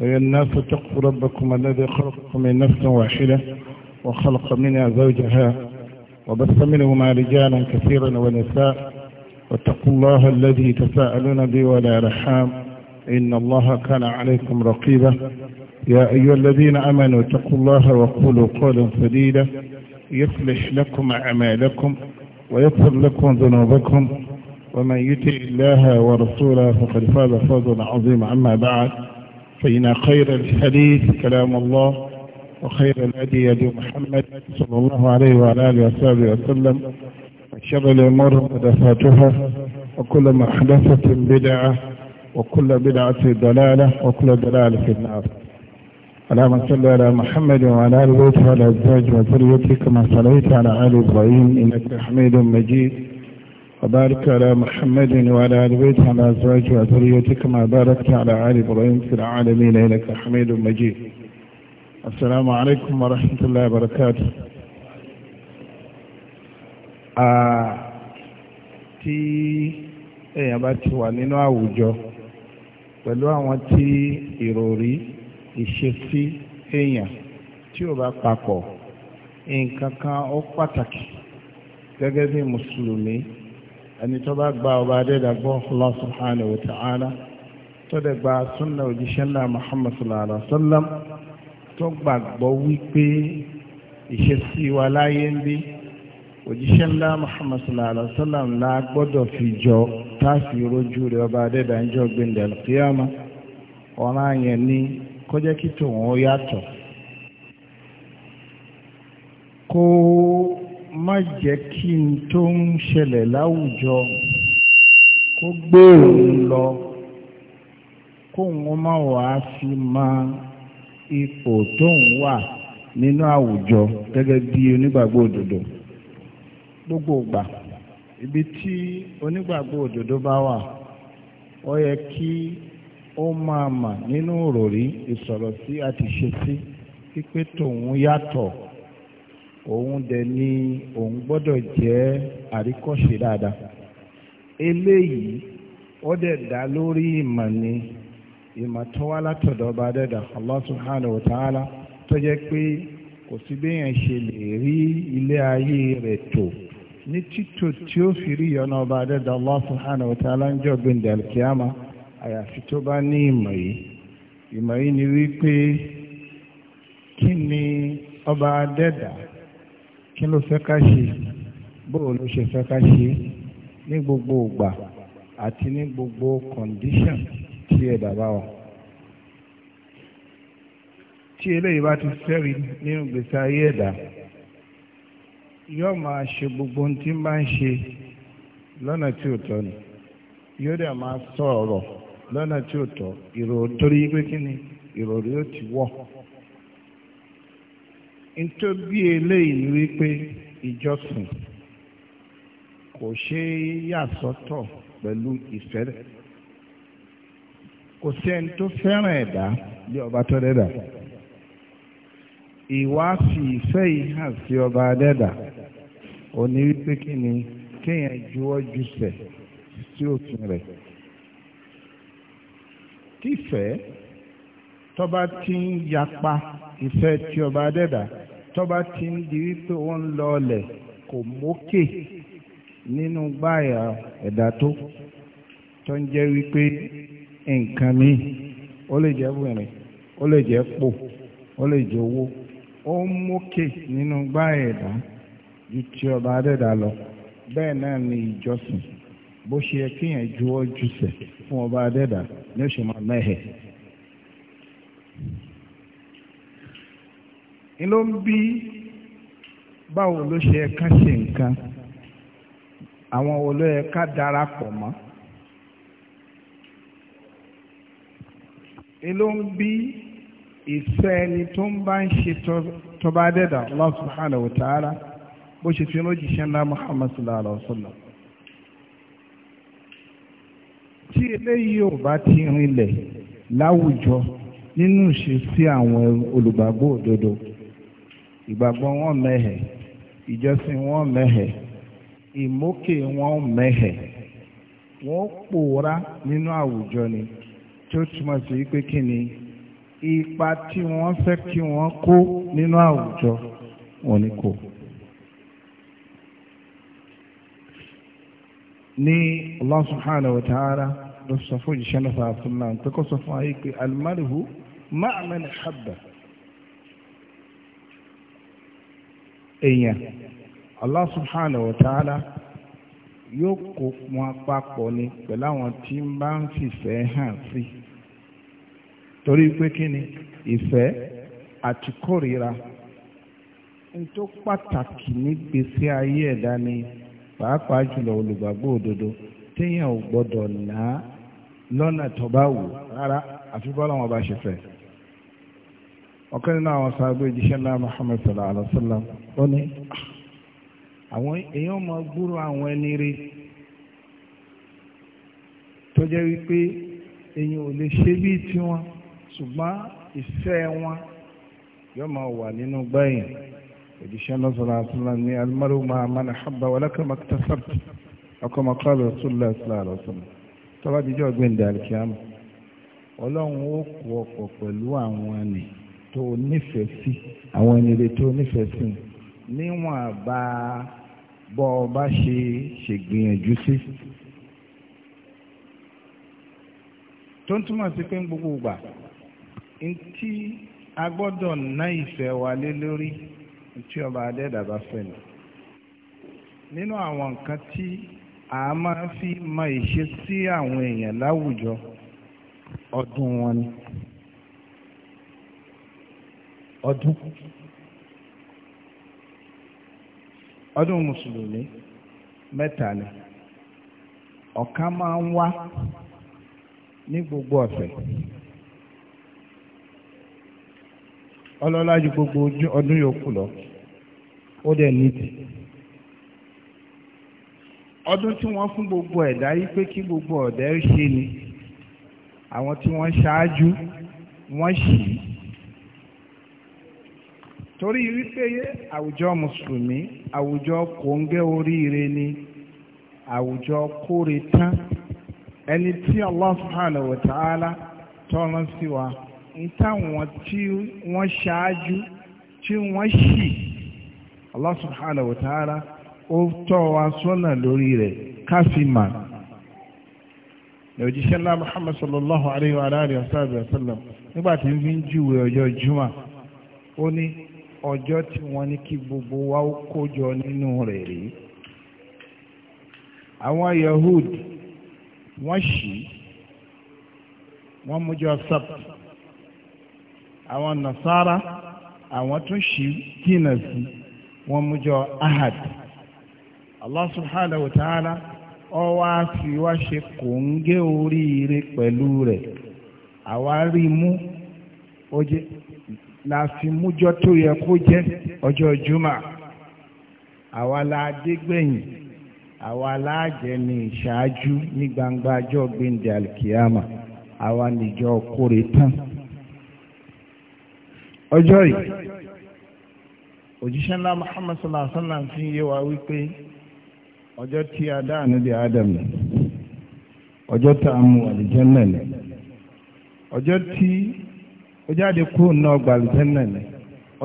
أيها الناس اتقوا ربكم الذي خلقكم من نفس واحدة وخلق منها زوجها وبث منهما رجالا كثيرا ونساء واتقوا الله الذي تساءلون به ولا رحام إن الله كان عليكم رقيبا يا أيها الذين أمنوا اتقوا الله وقولوا قولا سديدا يصلح لكم أعمالكم ويغفر لكم ذنوبكم ومن يطع الله ورسوله فقد فاز فوزا عظيما أما بعد فإن خير الحديث كلام الله وخير الهدي هدي محمد صلى الله عليه وعلى آله وصحبه وسلم وشر الأمور محدثاتها وكل محدثة بدعة وكل بدعة ضلالة وكل ضلالة في النار اللهم صل على محمد وعلى آله وعلى الزوج وذريته كما صليت على آل إبراهيم إنك حميد مجيد وبارك على محمد وعلى آل بيته على أزواجه وذريته كما باركت على آل إبراهيم في العالمين إنك حميد مجيد السلام عليكم ورحمة الله وبركاته tí èèyàn bá ti wà nínú àwùjọ pẹ̀lú àwọn tí ìròrí ìṣesí èèyàn tí ò bá papọ̀ nǹkan kan ó pàtàkì gẹ́gẹ́ bí mùsùlùmí ẹni tó bá gba ọba adédàgbọ́ Allah subhanahu wa ta'ala tó dẹ̀ gba súnà òjíṣẹ́ ńlá Muhammad sallallahu alaihi wa sallam tó gbàgbọ́ wípé ìṣesí wa láyé ń bí òjíṣẹ́ ńlá Muhammad sallallahu alaihi wa sallam la gbọ́dọ̀ fi jọ táàfì rojú rẹ̀ ọba adédàjọ́ gbẹ̀ndẹ̀ al-qiyama yẹn ní kọjá kí tòun ó yàtọ̀ kó má jẹ́ kí n tó ń ṣẹlẹ̀ láwùjọ kó gbé òun lọ kóun má wàá fi mọ ipò tóun wà nínú àwùjọ gẹ́gẹ́ bí onígbàgbọ́ òdodo gbogbo ìgbà ibi tí onígbàgbọ́ òdodo bá wà ó yẹ kí ó máa mà nínú òròrí ìsọ̀rọ̀ sí àti ṣe sí pípé tòun yàtọ̀ òun dẹ ni òun gbọdọ jẹ àríkọ́ṣe dáadáa eléyìí ó dá lórí ni ìmọ̀ tó wá ọba dẹ́dà Allah subhanahu wa tó pé kò sí ṣe lè rí ilé ayé rẹ̀ tò ní títò tí ó fi rí ọba dẹ́dà Allah wa ń jọ àyàfi tó bá ní yìí ọba kí ló fẹ́ ká ṣe bóò ló ṣe fẹ́ ká ṣe ní gbogbo ìgbà àti ní gbogbo kọ̀ǹdíṣàn tí ẹ̀dá bá wà. tí eléyìí bá ti sẹ́rí nínú gbèsè ayé ẹ̀dá yóò máa ṣe gbogbo ohun tí ń bá ń ṣe lọ́nà tí ò tọ́ ni yóò dẹ̀ máa sọ̀rọ̀ lọ́nà tí ò tọ́ ìrò torí pé kí ni ìròrí ó ti wọ̀ nítorí bí eléyìí ni wípé ìjọsìn kò ṣe é yà sọ́tọ̀ pẹ̀lú ìfẹ́ rẹ̀ kò sí ẹni tó fẹ́ràn ẹ̀dá bí ọba tó dẹ́dà ìwà fi ìfẹ́ yìí hàn sí ọba dẹ́dà ò wípé kí ni kéèyàn juwọ́ jùsẹ̀ sí òfin rẹ̀ kífẹ́ tọ́ba ti ń yapa ìfẹ́ tí ọba dẹ́dà tọ́ba ti ń di wípé ó ń lọ ọlẹ̀ kò mókè nínú gbáyà ẹ̀dá tó tó ń jẹ́ wípé nǹkan míì ó lè jẹ́ wìrìn ó lè jẹ́ pò ó lè jẹ́ owó ó ń mókè nínú gbáyà ẹ̀dá ju ti ọba adẹ́dà lọ bẹ́ẹ̀ náà ni ìjọsìn bó ṣe yẹ kéèyàn juwọ́ jùsẹ̀ fún ọba adẹ́dà ní oṣù mọ́ mẹ́hẹ̀ẹ́ ni ló ń bí báwo ló ṣe ẹ̀ka ṣe nǹkan àwọn wo darapọ̀ mọ́ ni ló ń bí ìfẹ́ ẹni tó ń bá ń ṣe tọba dẹ́dà Allah subhanahu wa ta'ala bó ṣe fi lójíṣẹ́ ńlá Muhammad sallallahu alaihi wa sallam tí eléyìí ò bá ti rinlẹ̀ láwùjọ nínú ìṣesí àwọn olùgbàgbọ́ òdodo ìgbàgbọ́ wọn mẹ́hẹ̀ ìjọsìn wọn mẹ́hẹ̀ ìmókè wọn mẹ́hẹ̀ wọ́n pòórá nínú àwùjọ ni tí ó túmọ̀ sí wípé kí ni ipa tí wọ́n fẹ́ kí wọ́n kó nínú àwùjọ wọn ni kò. ní Allah subhanahu wa ta'ala ló sọ náà fàáfin náà pé sọ fún ayé pé al-mar'u ma'a man èèyàn Allah subhanahu wa ta'ala yóò kó wọn papọ̀ ni pẹ̀lú àwọn tí ń bá ń fìfẹ́ hàn sí torí pé kí ni ìfẹ́ àti kórìíra pàtàkì nígbésí ayé ẹ̀dá ni pàápàá jùlọ olùgbàgbọ́ òdodo téèyàn ò gbọ́dọ̀ lọ́nà tó bá wù rárá àfi bọ́lá wọn bá ṣe fẹ́ ọ̀kan nínú àwọn náà ó ní ah, àwọn èèyàn máa gbúrò àwọn ẹni rè tó jẹ́ wípé èèyàn ò lè ṣe bíi tiwọn ṣùgbọ́n ìfẹ́ wọn yóò máa wà nínú gbẹ̀yìn òjíṣẹ́ náà sọ̀rọ̀ àtúnlá ní alimaru máa mana habba walaka maktasab ọkọ̀mọ̀ kọ́lù rasulillah sallallahu alaihi wasallam tọ́ba ọlọ́run ó kú ọ̀pọ̀ pẹ̀lú àwọn ẹni tó nífẹ̀ẹ́ sí àwọn ẹni tó nífẹ̀ẹ́ sí níwọ̀n bá bọ́ ọ bá ṣe ṣègbìyànjú sí. tó ń túmọ̀ sí pé ń gbogbo ìgbà ntí a gbọ́dọ̀ ná ìfẹ́ wa lé lórí tí ọba adẹ́dàbá fẹ́ nù. nínú àwọn nǹkan tí a máa fi mọ ìṣe sí àwọn èèyàn láwùjọ ọdún wọn ni ọdún. ọdún mùsùlùmí mẹ́ta ni ọ̀kan máa ń wá ní gbogbo ọ̀sẹ̀ ọlọ́lá ju gbogbo ọdún yòókù lọ ó dẹ̀ nídìí ọdún tí wọ́n fún gbogbo ẹ̀dá yìí pé kí gbogbo ọ̀dẹ́ ṣe ni àwọn tí wọ́n ṣáájú wọ́n ṣì í torí wípé àwùjọ mùsùlùmí àwùjọ kòńgẹ́ oríire ni àwùjọ kóre tán ẹni tí Allah subhanahu wa ta'ala tọ́lá sí wa ń tí wọ́n ṣáájú tí wọ́n ṣì Allah subhanahu wa ta'ala ó tọ́ wa sọ́nà lórí rẹ̀ káfíìmà òjíṣẹ́ ńlá Muhammad sallallahu alayhi wa sallam nígbà tí ń fi ń júwe ọjọ́ juma ó ní. ọjọ́ tí wọ́n ní kí gbogbo wa ó kójọ nínú rẹ̀ rí àwọn Yahud wọ́n ṣì wọ́n mújọ sábà àwọn Nasara àwọn tún ṣì jìnnà sí wọ́n mújọ ahad Allah subhanahu wa ta'ala ọ wá fi wá ṣe kò ń gé oríire pẹ̀lú rẹ̀ àwa rí mú ó jẹ́ la fi tó yẹ kó jẹ́ ọjọ́ Juma” àwa la dégbẹ̀yìn àwa la jẹ́ ìṣáájú ní gbangba ọjọ́ gbẹ̀ndẹ̀ alikiyama àwa níjọ kórè tán ọjọ́ yìí òjíṣẹ́ ńlá Muhammad sallallahu alaihi wa sallam fi yé wa wípé ọjọ́ tí a Adam ni ọjọ́ tá a mú àlìjẹ́ náà ó jáde kú náà gbàlùtẹ́nà ni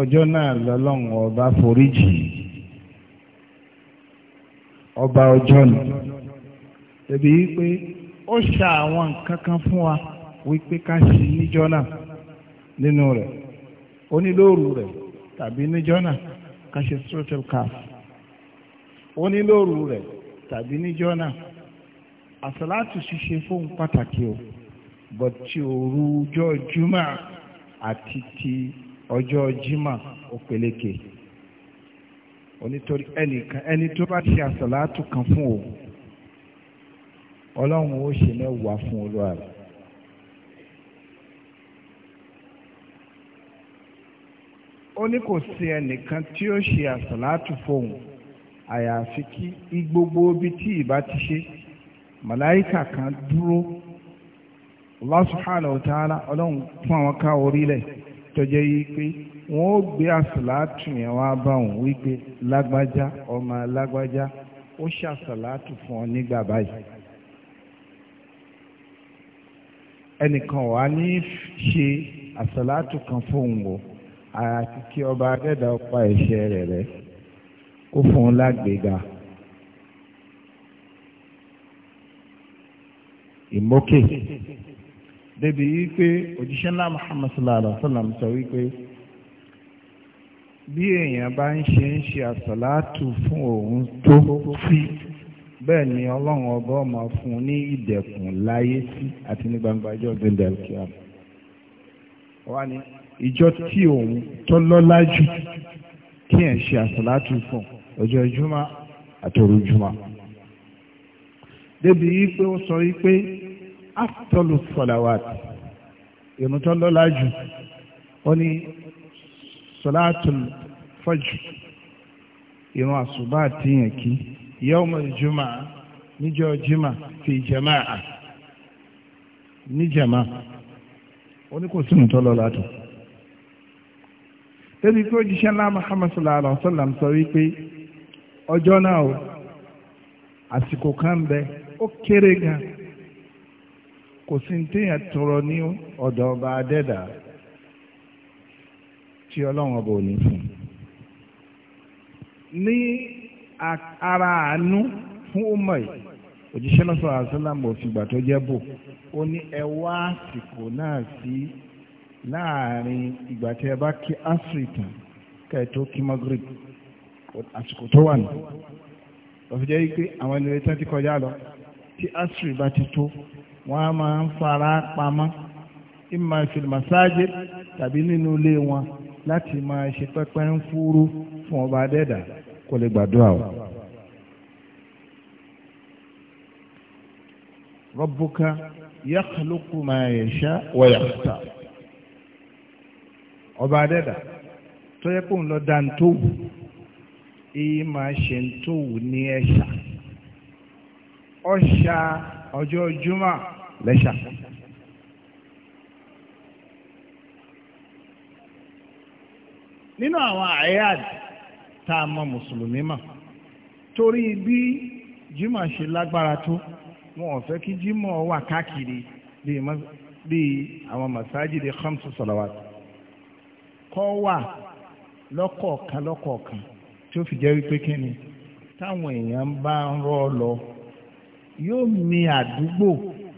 ọjọ́ náà lọ́lọ́run ọba foríjì ọba ọjọ́ ni tẹ̀bí wípé ó ṣa àwọn nǹkan kan fún wa wípé ká ṣe níjọ́ náà nínú rẹ̀ onílóòrù rẹ̀ tàbí níjọ́ náà ká ṣe strotel calf onílóòrù rẹ̀ tàbí níjọ́ náà àsàlátù ṣíṣe fóun pàtàkì o bọ̀tí òru ọjọ́ jùmọ̀. àti ti ọjọ́ jimá ó peléke onítorí ẹnìkan ẹni tó bá ṣe àsàlátù kan fún o ọlọ́run ó ṣe mẹ́wàá fún olúwa rẹ̀. ó ní kò sí ẹnìkan tí ó ṣe àsàlátù fóun àyàfi kí gbogbo ibi tí ìbá ti ṣe màláìkà kan dúró Allah subhanahu wa ta'ala ọlọ́run fún àwọn ká orílẹ̀ tó jẹ́ yí pé wọ́n ó gbé àsàlátù yẹn wá bá wọn wípé lágbájá ọmọ lágbájá ó ṣàsàlátù fún ọ nígbà báyìí. ẹnìkan wà ní ṣe àsàlátù kan fóun wò àti kí ọba adẹ́dà ọpa ẹ̀ṣẹ̀ rẹ̀ rẹ̀ kó fún un lágbèéga. ìmókè. Debi wípé òjíṣẹ́ ńlá Muhammad sallallahu alaihi wa sallam sọ wípé bí èèyàn bá ń ṣe ń ṣe àsàlátù fún òun tó sí bẹ́ẹ̀ ni ọlọ́run ọba ọmọ fún un ní ìdẹ̀kùn láyé sí àti ní gbangba ọjọ́ gbẹ̀ndẹ̀ kíam wá ní ìjọ tí òun tó lọ́lá jù kí ẹ̀ ṣe àsàlátù fún ọjọ́ júmọ́ àtòrú júmọ́ débi wípé ó sọ wípé afdọ́lù sọ̀làwàtì ìrun tó lọ́lá jù ó ní sọ̀làtùl fọ́jù ìrun àsùbá àti yẹn kí yawmul jùmọ̀ níjọ́ jùmọ̀ fi jama'a ní jama'a ó ní kò sínú tó lọ́lá tó débi pé òjíṣẹ́ ńlá Muhammad sallallahu alaihi wa sallam sọ wípé ọjọ́ náà o àsìkò kan bẹ ó kéré gan-an kò sí téèyàn tọrọ ní ọ̀dọ̀ ọba adẹ́dà tí ọlọ́run ọba ò ní fún ní ara àánú fún ọmọ yìí òjíṣẹ́ náà sọ̀rọ̀ àṣálàmù òfìgbà tó jẹ́ bò ó ní ẹ wá àsìkò náà sí láàrin ìgbà tí ẹ bá kí áfíríkà kẹ́ ẹ tó kí magrib àsìkò tó wà nù lọ́fíjẹ́ yìí pé àwọn ènìyàn tí ti kọjá lọ tí áfíríkà bá ti tó wọ́n á máa ń fara pamọ́ ìmọ̀ ìfìlìmọ̀sáájé tàbí nínú ilé wọn láti máa ṣe pẹ́pẹ́ ń fúrú fún ọba adẹ́dà kó lè gbàdúrà o. rọ́bùkà yakhluqu ma yasha wa yakhtar ọba adẹ́dà tó yẹ kó ń lọ dáa tó wù èyí máa ṣe tó wù ní ẹ̀ṣà ọ̀ṣà ọjọ́ jùmọ̀ lẹ́ṣà. nínú àwọn àyàd tá a mọ mùsùlùmí mà torí bí jimá ṣe lágbára tó wọn ò fẹ́ kí jimá wà káàkiri bíi àwọn masajidi khamsu salawat kọ́ wà lọ́kọ̀ọ̀kan lọ́kọ̀ọ̀kan tí ó fi jẹ́ wípé kí táwọn èèyàn bá ń rọ́ lọ yóò mi àdúgbò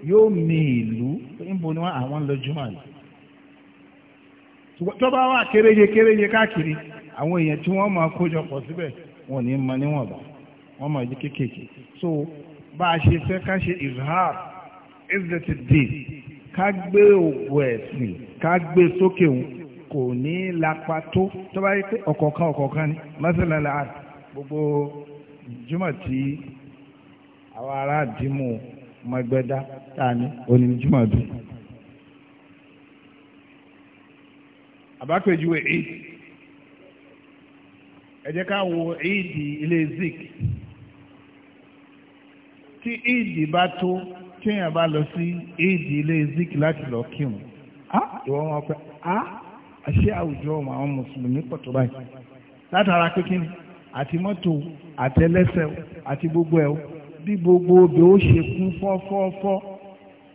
yóò mi ìlú níbo ni wọ́n àwọn lọ jùmọ̀ lọ tó bá wà kéréje kéréje káàkiri àwọn èèyàn tí wọ́n máa kójọ pọ̀ síbẹ̀ wọn ní ma níwọ̀nba wọ́n máa jí kéékèèké so bá a ṣe fẹ́ ká ṣe izhar izzati din ká gbé òwò ẹ̀sìn ká gbé sókè òun kò ní lapa tó tó bá yẹ pé ọ̀kọ̀ọ̀kan ọ̀kọ̀ọ̀kan ni mọ́sálálà gbogbo jùmọ̀ tí àwọn ará dìímù mọ̀gbẹ́dá tani onímọ̀júmọ̀dún. àbápẹ̀júwe eid ẹ jẹ́ ká wo eid ilé zik tí eid bá tó kéèyàn bá lọ sí eid ilé zik láti lọ kírun á ìwọ wọn pẹ á àṣé àwùjọ àwọn mùsùlùmí pọ̀ tó báyìí látara pé àti mọ́tò àtẹlẹsẹ̀ àti gbogbo ẹ̀ o bí gbogbo obì ó ṣe kún fọ́fọ́fọ́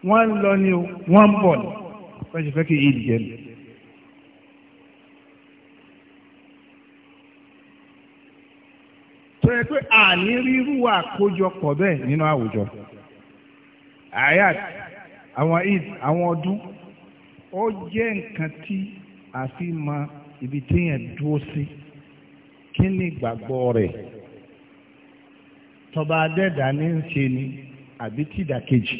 wọ́n ń lọ ni wọ́n ń bọ̀ ni wọ́n ṣe fẹ́ kí yìí jẹ́ mi. tó yẹ pé àní àkójọpọ̀ bẹ́ẹ̀ nínú àwùjọ ayat àwọn eid àwọn ọdún ó jẹ́ nǹkan tí a fi mọ ibi téèyàn dúró sí kí ni ìgbàgbọ́ rẹ̀ tọba adẹ́dà ní ń ṣe ni àbí tìdàkejì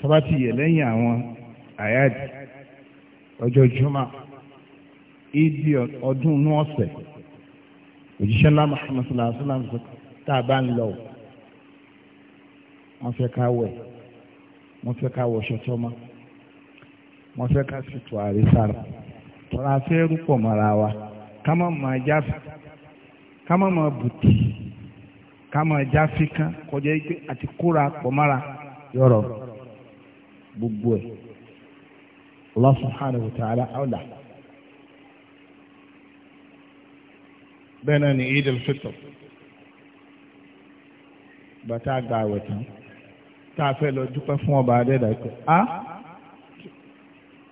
tọba ti yẹ lẹ́yìn àwọn àyáàdì ọjọ́ jùmọ̀ ìdí ọdún inú ọ̀sẹ̀ òjíṣẹ́ ńlá Muhammad sallallahu alaihi wasallam tá a bá ń lọ wọ́n fẹ́ ká wẹ̀ wọ́n fẹ́ ká wọṣọ tọ́mọ́ wọ́n fẹ́ ká ṣètò àrísára tọ́ra fẹ́ rúpọ̀ mọ́ra wa ká má máa jáfẹ́ ká má máa bùtì ká máa já fikán kọjá yìí pé àti kóra pọ̀ mára yọ̀rọ̀ gbogbo ẹ̀ Allah subhanahu wa ta'ala awla. bẹ́ẹ̀ náà ni Eid al-Fitr bàtà gba àwẹ̀ tán tá a fẹ́ lọ dúpẹ́ fún ọba adẹ́dàá pé a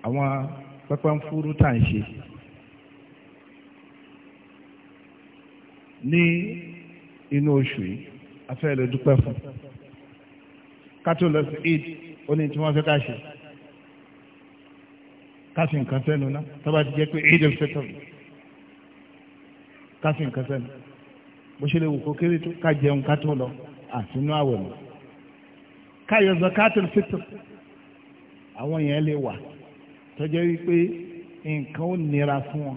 àwọn pẹpẹ ń tá à ṣe ní inú oṣù yìí afẹ́ lè dúpẹ́ fún kátó lọ sí eid ó ní tí wọ́n fẹ́ ká ṣe káfí nǹkan sẹ́nu ná tọ́ba ti jẹ́ pé eid of settle káfí nǹkan sẹ́nu bó ṣe lè wò kó kéré tó ká jẹun kátó lọ àtinú àwẹ̀ mọ́ káyọ̀ zakatul fitr àwọn yẹn lè wà tọ́jọ́ wípé nǹkan ó nira fún wọn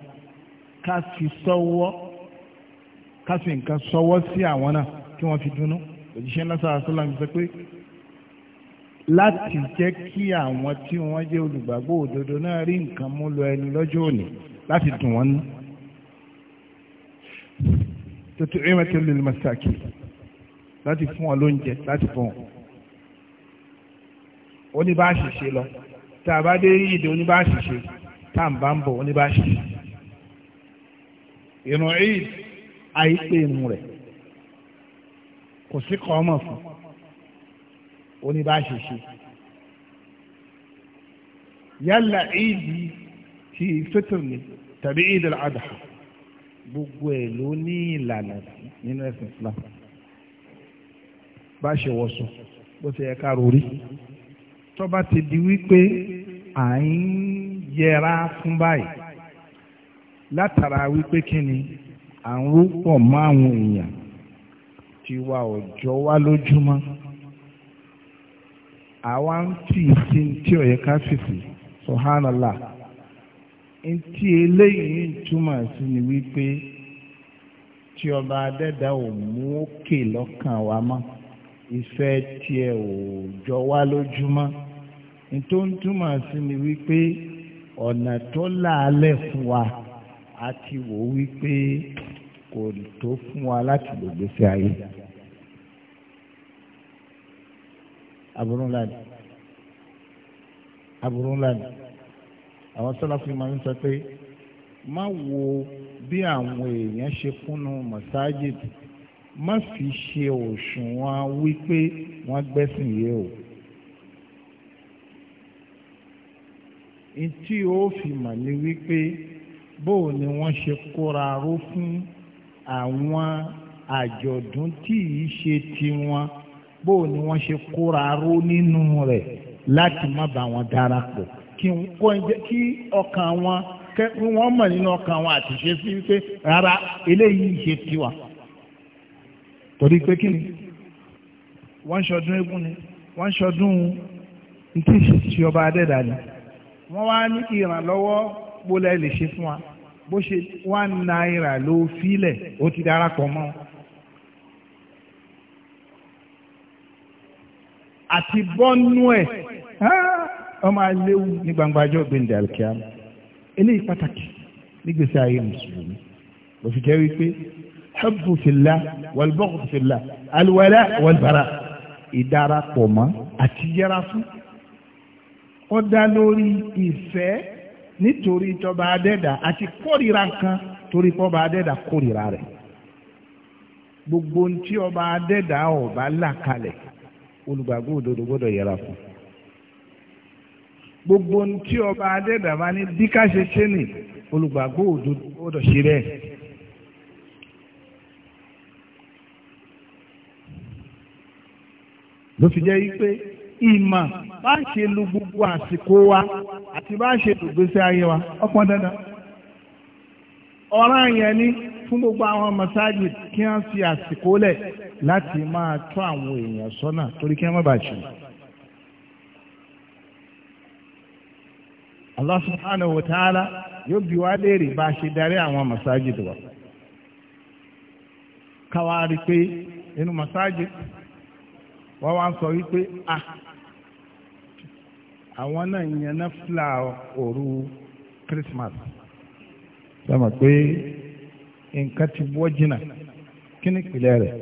ká fi sọ́wọ́. So ká fi nǹkan sọwọ́ sí àwọn náà kí wọ́n fi dùnnú òjíṣẹ́ náà sára sọ́lá mi sọ pé láti jẹ́ kí àwọn tí wọ́n jẹ́ olùgbàgbọ́ òdodo náà rí nǹkan mú lọ ẹni lọ́jọ́ òní láti dùn wọ́n nú. tuntun ìrìnà tí ó lè lọ́mọ sáàkì láti fún wọn lóúnjẹ láti fún wọn. oníbàṣìṣe lọ tá a bá dé ìdè oníbàṣìṣe tá à ń bá ń bọ̀ oníbàṣìṣe. ìrùn ìdè àìpé irun rẹ̀ kò sí kọ́ ọmọ fún oníbàṣẹṣe yálà ìdí ti fitr ni tàbí ìdí àdá gbogbo ẹ̀ ló ní ìlànà nínú ẹ̀sìn Islam bá ṣe wọ̀sùn bó ṣe yẹ ká rori tó ti di wípé à ń yẹra fún báyìí látara wípé kí ni à ń rúpọ̀ mọ́ àwọn èèyàn tiwa ọ̀jọ́ wa lójúmọ́ àwa ń tì í sí tí ó yẹ ká fèsì subhanallah ntí eléyìí túmọ̀ sí ni wípé tí ọba adẹ́dá ò mú òkè lọ́kàn wa mọ́ ìfẹ́ tiẹ̀ ò jọ wá lójúmọ́ tó ń túmọ̀ sí ni wípé ọ̀nà tó láàlẹ̀ fún wa a ti wò wípé kò tó fún wa láti lò gbèsè ayé aburú ńlá ni aburú ńlá ni àwọn sọláfin máa ń sọ pé má wo bí àwọn èèyàn ṣe kúnnú masajid má fi ṣe òṣùwọ̀n wípé wọ́n gbẹ́sìn yìí o. ntí o fi mà ní wípé bóò ni wọ́n ṣe kóra ró fún àwọn àjọ̀dún tí ì ṣe tiwọn bó ni wọ́n ṣe kóra ró nínú rẹ̀ láti má bá wọn darapọ̀ kí ọkàn wọn kí wọ́n mọ̀ nínú ọkàn wọn àti ṣe sí pé rárá eléyìí ṣe tiwa torí pé kí ni wọ́n ṣọdún eégún ni wọ́n ṣọdún ntí ṣe ọba adẹ́dà ni wọ́n wá ní ìrànlọ́wọ́ gbólẹ̀ lè ṣe fún wa bó ṣe one naira ló filẹ̀ ó ti darapọ̀ mọ́ àti bọ́nú ẹ̀ ah, ọmọ aléwu ní gbangbajọ́ gbẹ̀ndẹ̀ alkiam eléyìí pàtàkì nígbèsè ayé mùsùlùmí ló fi jẹ́ wípé hubbu fillah wal bughd fillah alwala ìdarapọ̀ mọ́ àti yẹra fún ó lórí ìfẹ́ nítorí ìjọba adẹ́dà àti kórìíra nǹkan torí pọ́ba adẹ́dà kórìíra rẹ̀ gbogbo ntí ọba adẹ́dà ọba là kalẹ̀ olùgbàgbọ́ òdodo gbọ́dọ̀ yẹra fún gbogbo ntí ọba adẹ́dà bá ní bí ká ṣe olùgbàgbọ́ òdodo gbọ́dọ̀ ṣe rẹ̀. ló fi jẹ́ yí pé ìmọ̀ bá ṣe lu gbogbo àsìkò wa àti bá ṣe lùgbésí ayé wa ọpọn dandan ọ̀ràn yẹn ni fún gbogbo àwọn mọ̀sáàjì kí wọ́n fi àsìkò lẹ̀ láti máa tọ́ àwọn èèyàn sọ́nà torí kí wọ́n má bàa Allah subhanahu ta'ala yóò wá a àwọn náà yẹn náà fúlà òru Christmas sọmọ pé nǹkan ti wọ́ jìnnà kí ni ìpìlẹ̀ rẹ̀.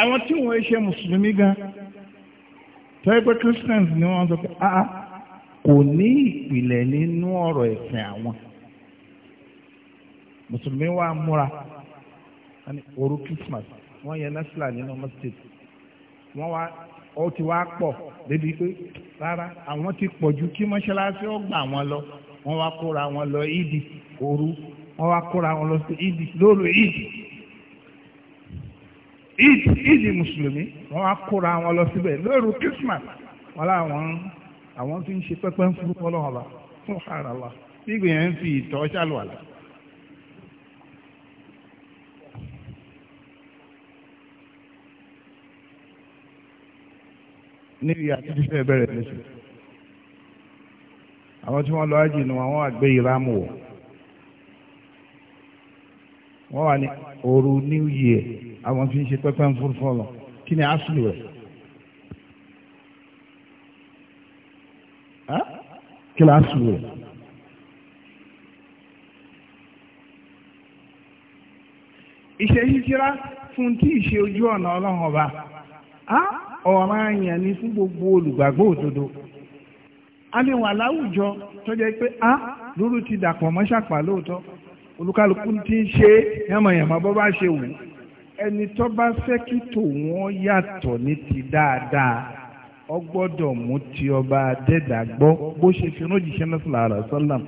àwọn tí wọ́n ṣe mùsùlùmí gan tẹ́gbẹ́ Christians ni wọ́n sọ pé ah kò ní ìpìlẹ̀ nínú ọ̀rọ̀ ẹ̀sìn àwọn mùsùlùmí wa múra òru Christmas wọ́n yẹ násìlà nínú mọ́sítẹ́tì wọ́n wá ó ti wá pọ̀ débi pé rárá àwọn ti pọ̀ ju kí mọ́ṣáláṣí ó gbà wọ́n lọ wọ́n wá kóra wọn lọ ìdí òru wọ́n wá kóra wọn lọ sí ìdí lóru ìdí ìdí ìdí mùsùlùmí wọ́n wá kóra wọn lọ síbẹ̀ lóru Christmas wọ́n láwọn àwọn fi ń ṣe pẹ́pẹ́ ń fún ọlọ́run ọba fún ara wa nígbìyànjú fi ìtọ́ ṣàlùwàlà. níbi àti fífẹ́ bẹ̀rẹ̀ lẹ́sìn àwọn tí wọ́n lọ ájì nu àwọn àgbẹ̀ ìrámù wọ̀ wọ́n wà ní òru new year àwọn fi ń ṣe pẹ́pẹ́ ń fúrufú lọ kí ni áṣìlì rẹ̀ kí ni áṣìlì rẹ̀. ìṣe hijira fún tí ìṣe ojú ọ̀nà ọlọ́run ọba. ọ̀ranyàn ni fún gbogbo olùgbàgbọ́ òdodo a lè wà láwùjọ tó jẹ́ pé a lóru ti dàpọ̀ mọ́ lóòótọ́ olùkálukú ti ń ṣe yànmọ̀yànmọ́ bọ́ bá ṣe wù ẹni tó bá fẹ́ kí tòun yàtọ̀ ní ti ọba adẹ́dà gbọ́ bó ṣe fi sọ́làm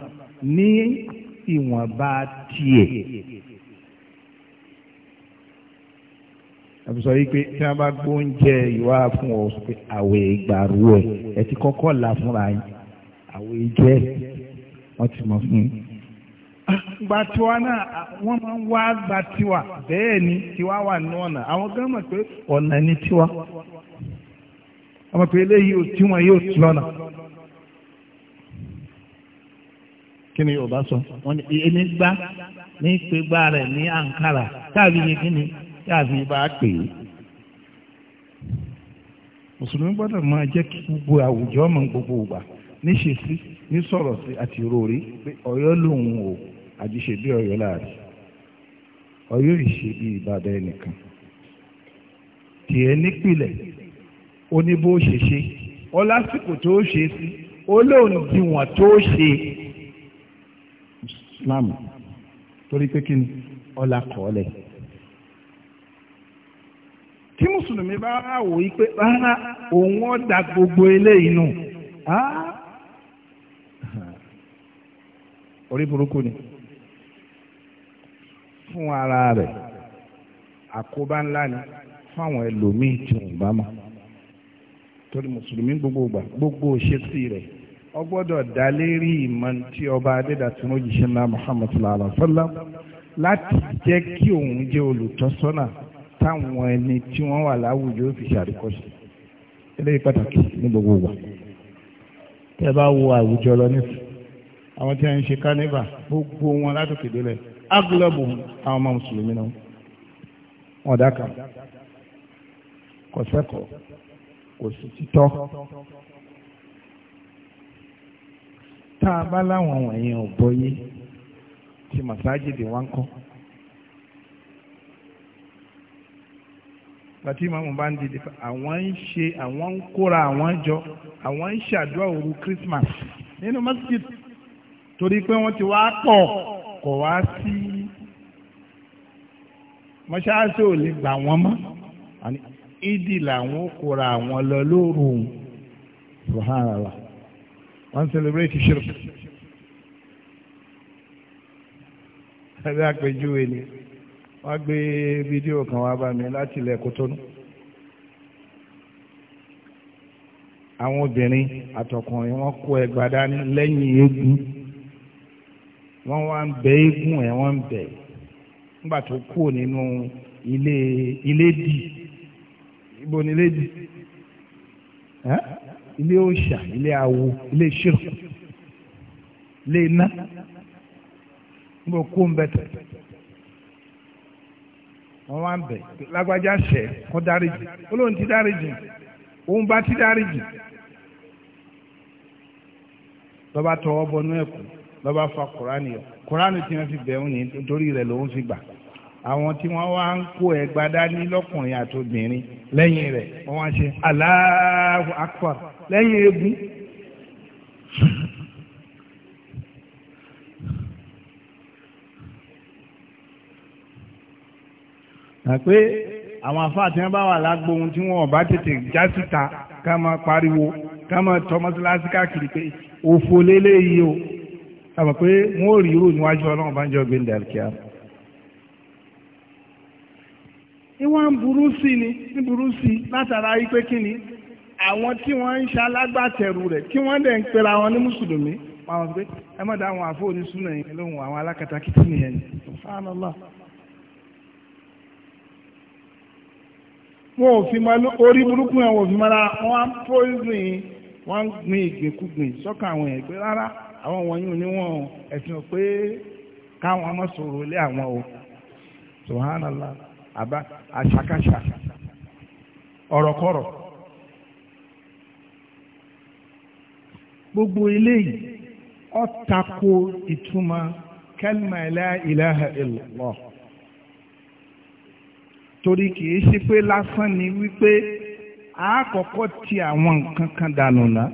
àbísọ yìí pé tí wọ́n bá gbóúnjẹ ìwà fún ọ pé àwẹ̀ ìgbàrú ẹ̀ ẹ ti kọ́kọ́ là fúnra yín àwẹ̀ ìjẹ́ wọ́n ti mọ̀ fún un. Ah, gba tiwa náà ah, wọ́n máa ń wá gba tiwa bẹ́ẹ̀ ni tiwa wà ní ọ̀nà àwọn gan mọ̀ pé ọ̀nà ni tiwa ọmọ pé eléyìí ò tí wọn yóò tún lọ́nà. kí ni Yorùbá sọ wọ́n ní èmi gbá ní pé gbá ní Ankara tàbí yìí kí ni tá a fi bá pè é mùsùlùmí gbọ́dọ̀ máa jẹ́ kí gbogbo àwùjọ ọmọ gbogbo ìgbà níṣe sí ní sọ̀rọ̀ sí àti rori pé ọ̀yọ́ lòun o àjíṣe bí ọ̀yọ́ láàrin ọ̀yọ́ ìṣe bí ìbàdàn ẹnìkan tiẹ̀ nípìlẹ̀ ó ní bó ṣe ṣe ó lásìkò tó ṣe sí ó lóun diwọ̀n tó ṣe Islam torí pé kí ni ọlá kọ́ ọ lẹ̀. tí mùsùlùmí bá wò yí pé rárá òun ó da gbogbo eléyìí nù orí burúkú ni fún ara rẹ̀ àkóbá ńlá ni fáwọn ẹlòmíì tí wọn bá mọ̀ torí mùsùlùmí gbogbo gbà gbogbo òṣèṣì rẹ̀ ó gbọ́dọ̀ dá lérí ọba adédàtún òjíṣẹ́ ńlá muhammadu sallallahu alaihi láti jẹ́ kí òun jẹ́ olùtọ́sọ́nà táwọn ẹni tí wọ́n wà láwùjọ fi ṣàríkọ́ṣe eléyìí pàtàkì ní gbogbo wa tẹ́ bá wo àwùjọ lọ ní àwọn tí wọ́n ń ṣe kánífà gbogbo wọn látòkè délẹ̀ agulọ́bù àwọn ọmọ mùsùlùmí náà wọn dáka kò sẹ́kọ̀ọ́ kò sí títọ́ tá a bá láwọn wọ̀nyẹn ò bọ́ yé tí màsáàjì dè wá kọ́. bàtí ìmọ̀mù bá ń dìde àwọn ń ṣe àwọn ń kóra àwọn jọ àwọn ń ṣàdúrà òru Christmas nínú masjid torí pé wọ́n ti wá pọ̀ kọ̀ wá sí mọ́ṣáláṣí ò lè gbà wọ́n mọ́ ìdí làwọn ó kóra àwọn lọ lóru òun subhanallah wọ́n celebrate shirk ẹgbẹ́ àpèjúwe ni wọ́n gbé fídíò kan wá bá mi láti ilẹ̀ Kótónú àwọn obìnrin àtọkùnrin wọ́n kó ẹgbà dání lẹ́yìn eégún wọ́n wá ń bẹ eégún ẹ̀ wọ́n ń bẹ nígbà tó kúrò nínú ilé ilé dì ibo ni ilé dì ilé òòṣà ilé awo ilé ṣírò ilé iná níbo kó ń bẹ tẹ̀tẹ̀ wọ́n wá ń bẹ̀ lágbájá ṣẹ̀ kó dáríjì olóhùn ti dáríjì òun bá ti dáríjì lọ́ba tọwọ́ bọnú ẹ̀kú lọ́ba fa kùránì ọ̀ kùránì tí wọ́n fi bẹ̀ òun ní torí rẹ̀ lòun fi gbà àwọn tí wọ́n wá ń kó ẹ̀gbá dání lọ́kùnrin àtòbìnrin lẹ́yìn rẹ̀ wọ́n wá ṣe Allahu Akbar lẹ́yìn egun. àpé àwọn afáà tí wọ́n bá wà lágbo ohun tí wọ́n bá tètè já síta ká máa pariwo ká máa tọ́ mọ́sálásí káàkiri pé òfò lélẹ́yìí o àmọ̀ pé wọ́n ò rí irú níwájú ọlọ́run bá ń jọ gbé ndàlkíá ìwọ̀n ń burú sí ni ń burú sí látara wípé kí àwọn tí wọ́n ń ṣe alágbàtẹ̀rù rẹ̀ tí wọ́n ń pera wọn ní mùsùlùmí wọn pé ẹ mọ̀ dá àwọn àfọ onísùnà lóhùn àwọn alákatakítí nìyẹn ni wọn ò fi máa orí burúkú yẹn wọn ò fi máa ra wọn á wọn gbin àwọn yẹn rárá àwọn ni wọn ẹ̀sìn ò pé káwọn ọmọ sọ̀rọ̀ lé àwọn o subhanallah àbá àṣàkáṣà ọ̀rọ̀kọ̀rọ̀ gbogbo eléyìí ó tako ìtumọ̀ torí kìí ṣe pé lásán ni wípé a kọ́kọ́ ti àwọn nǹkan kan dànù náà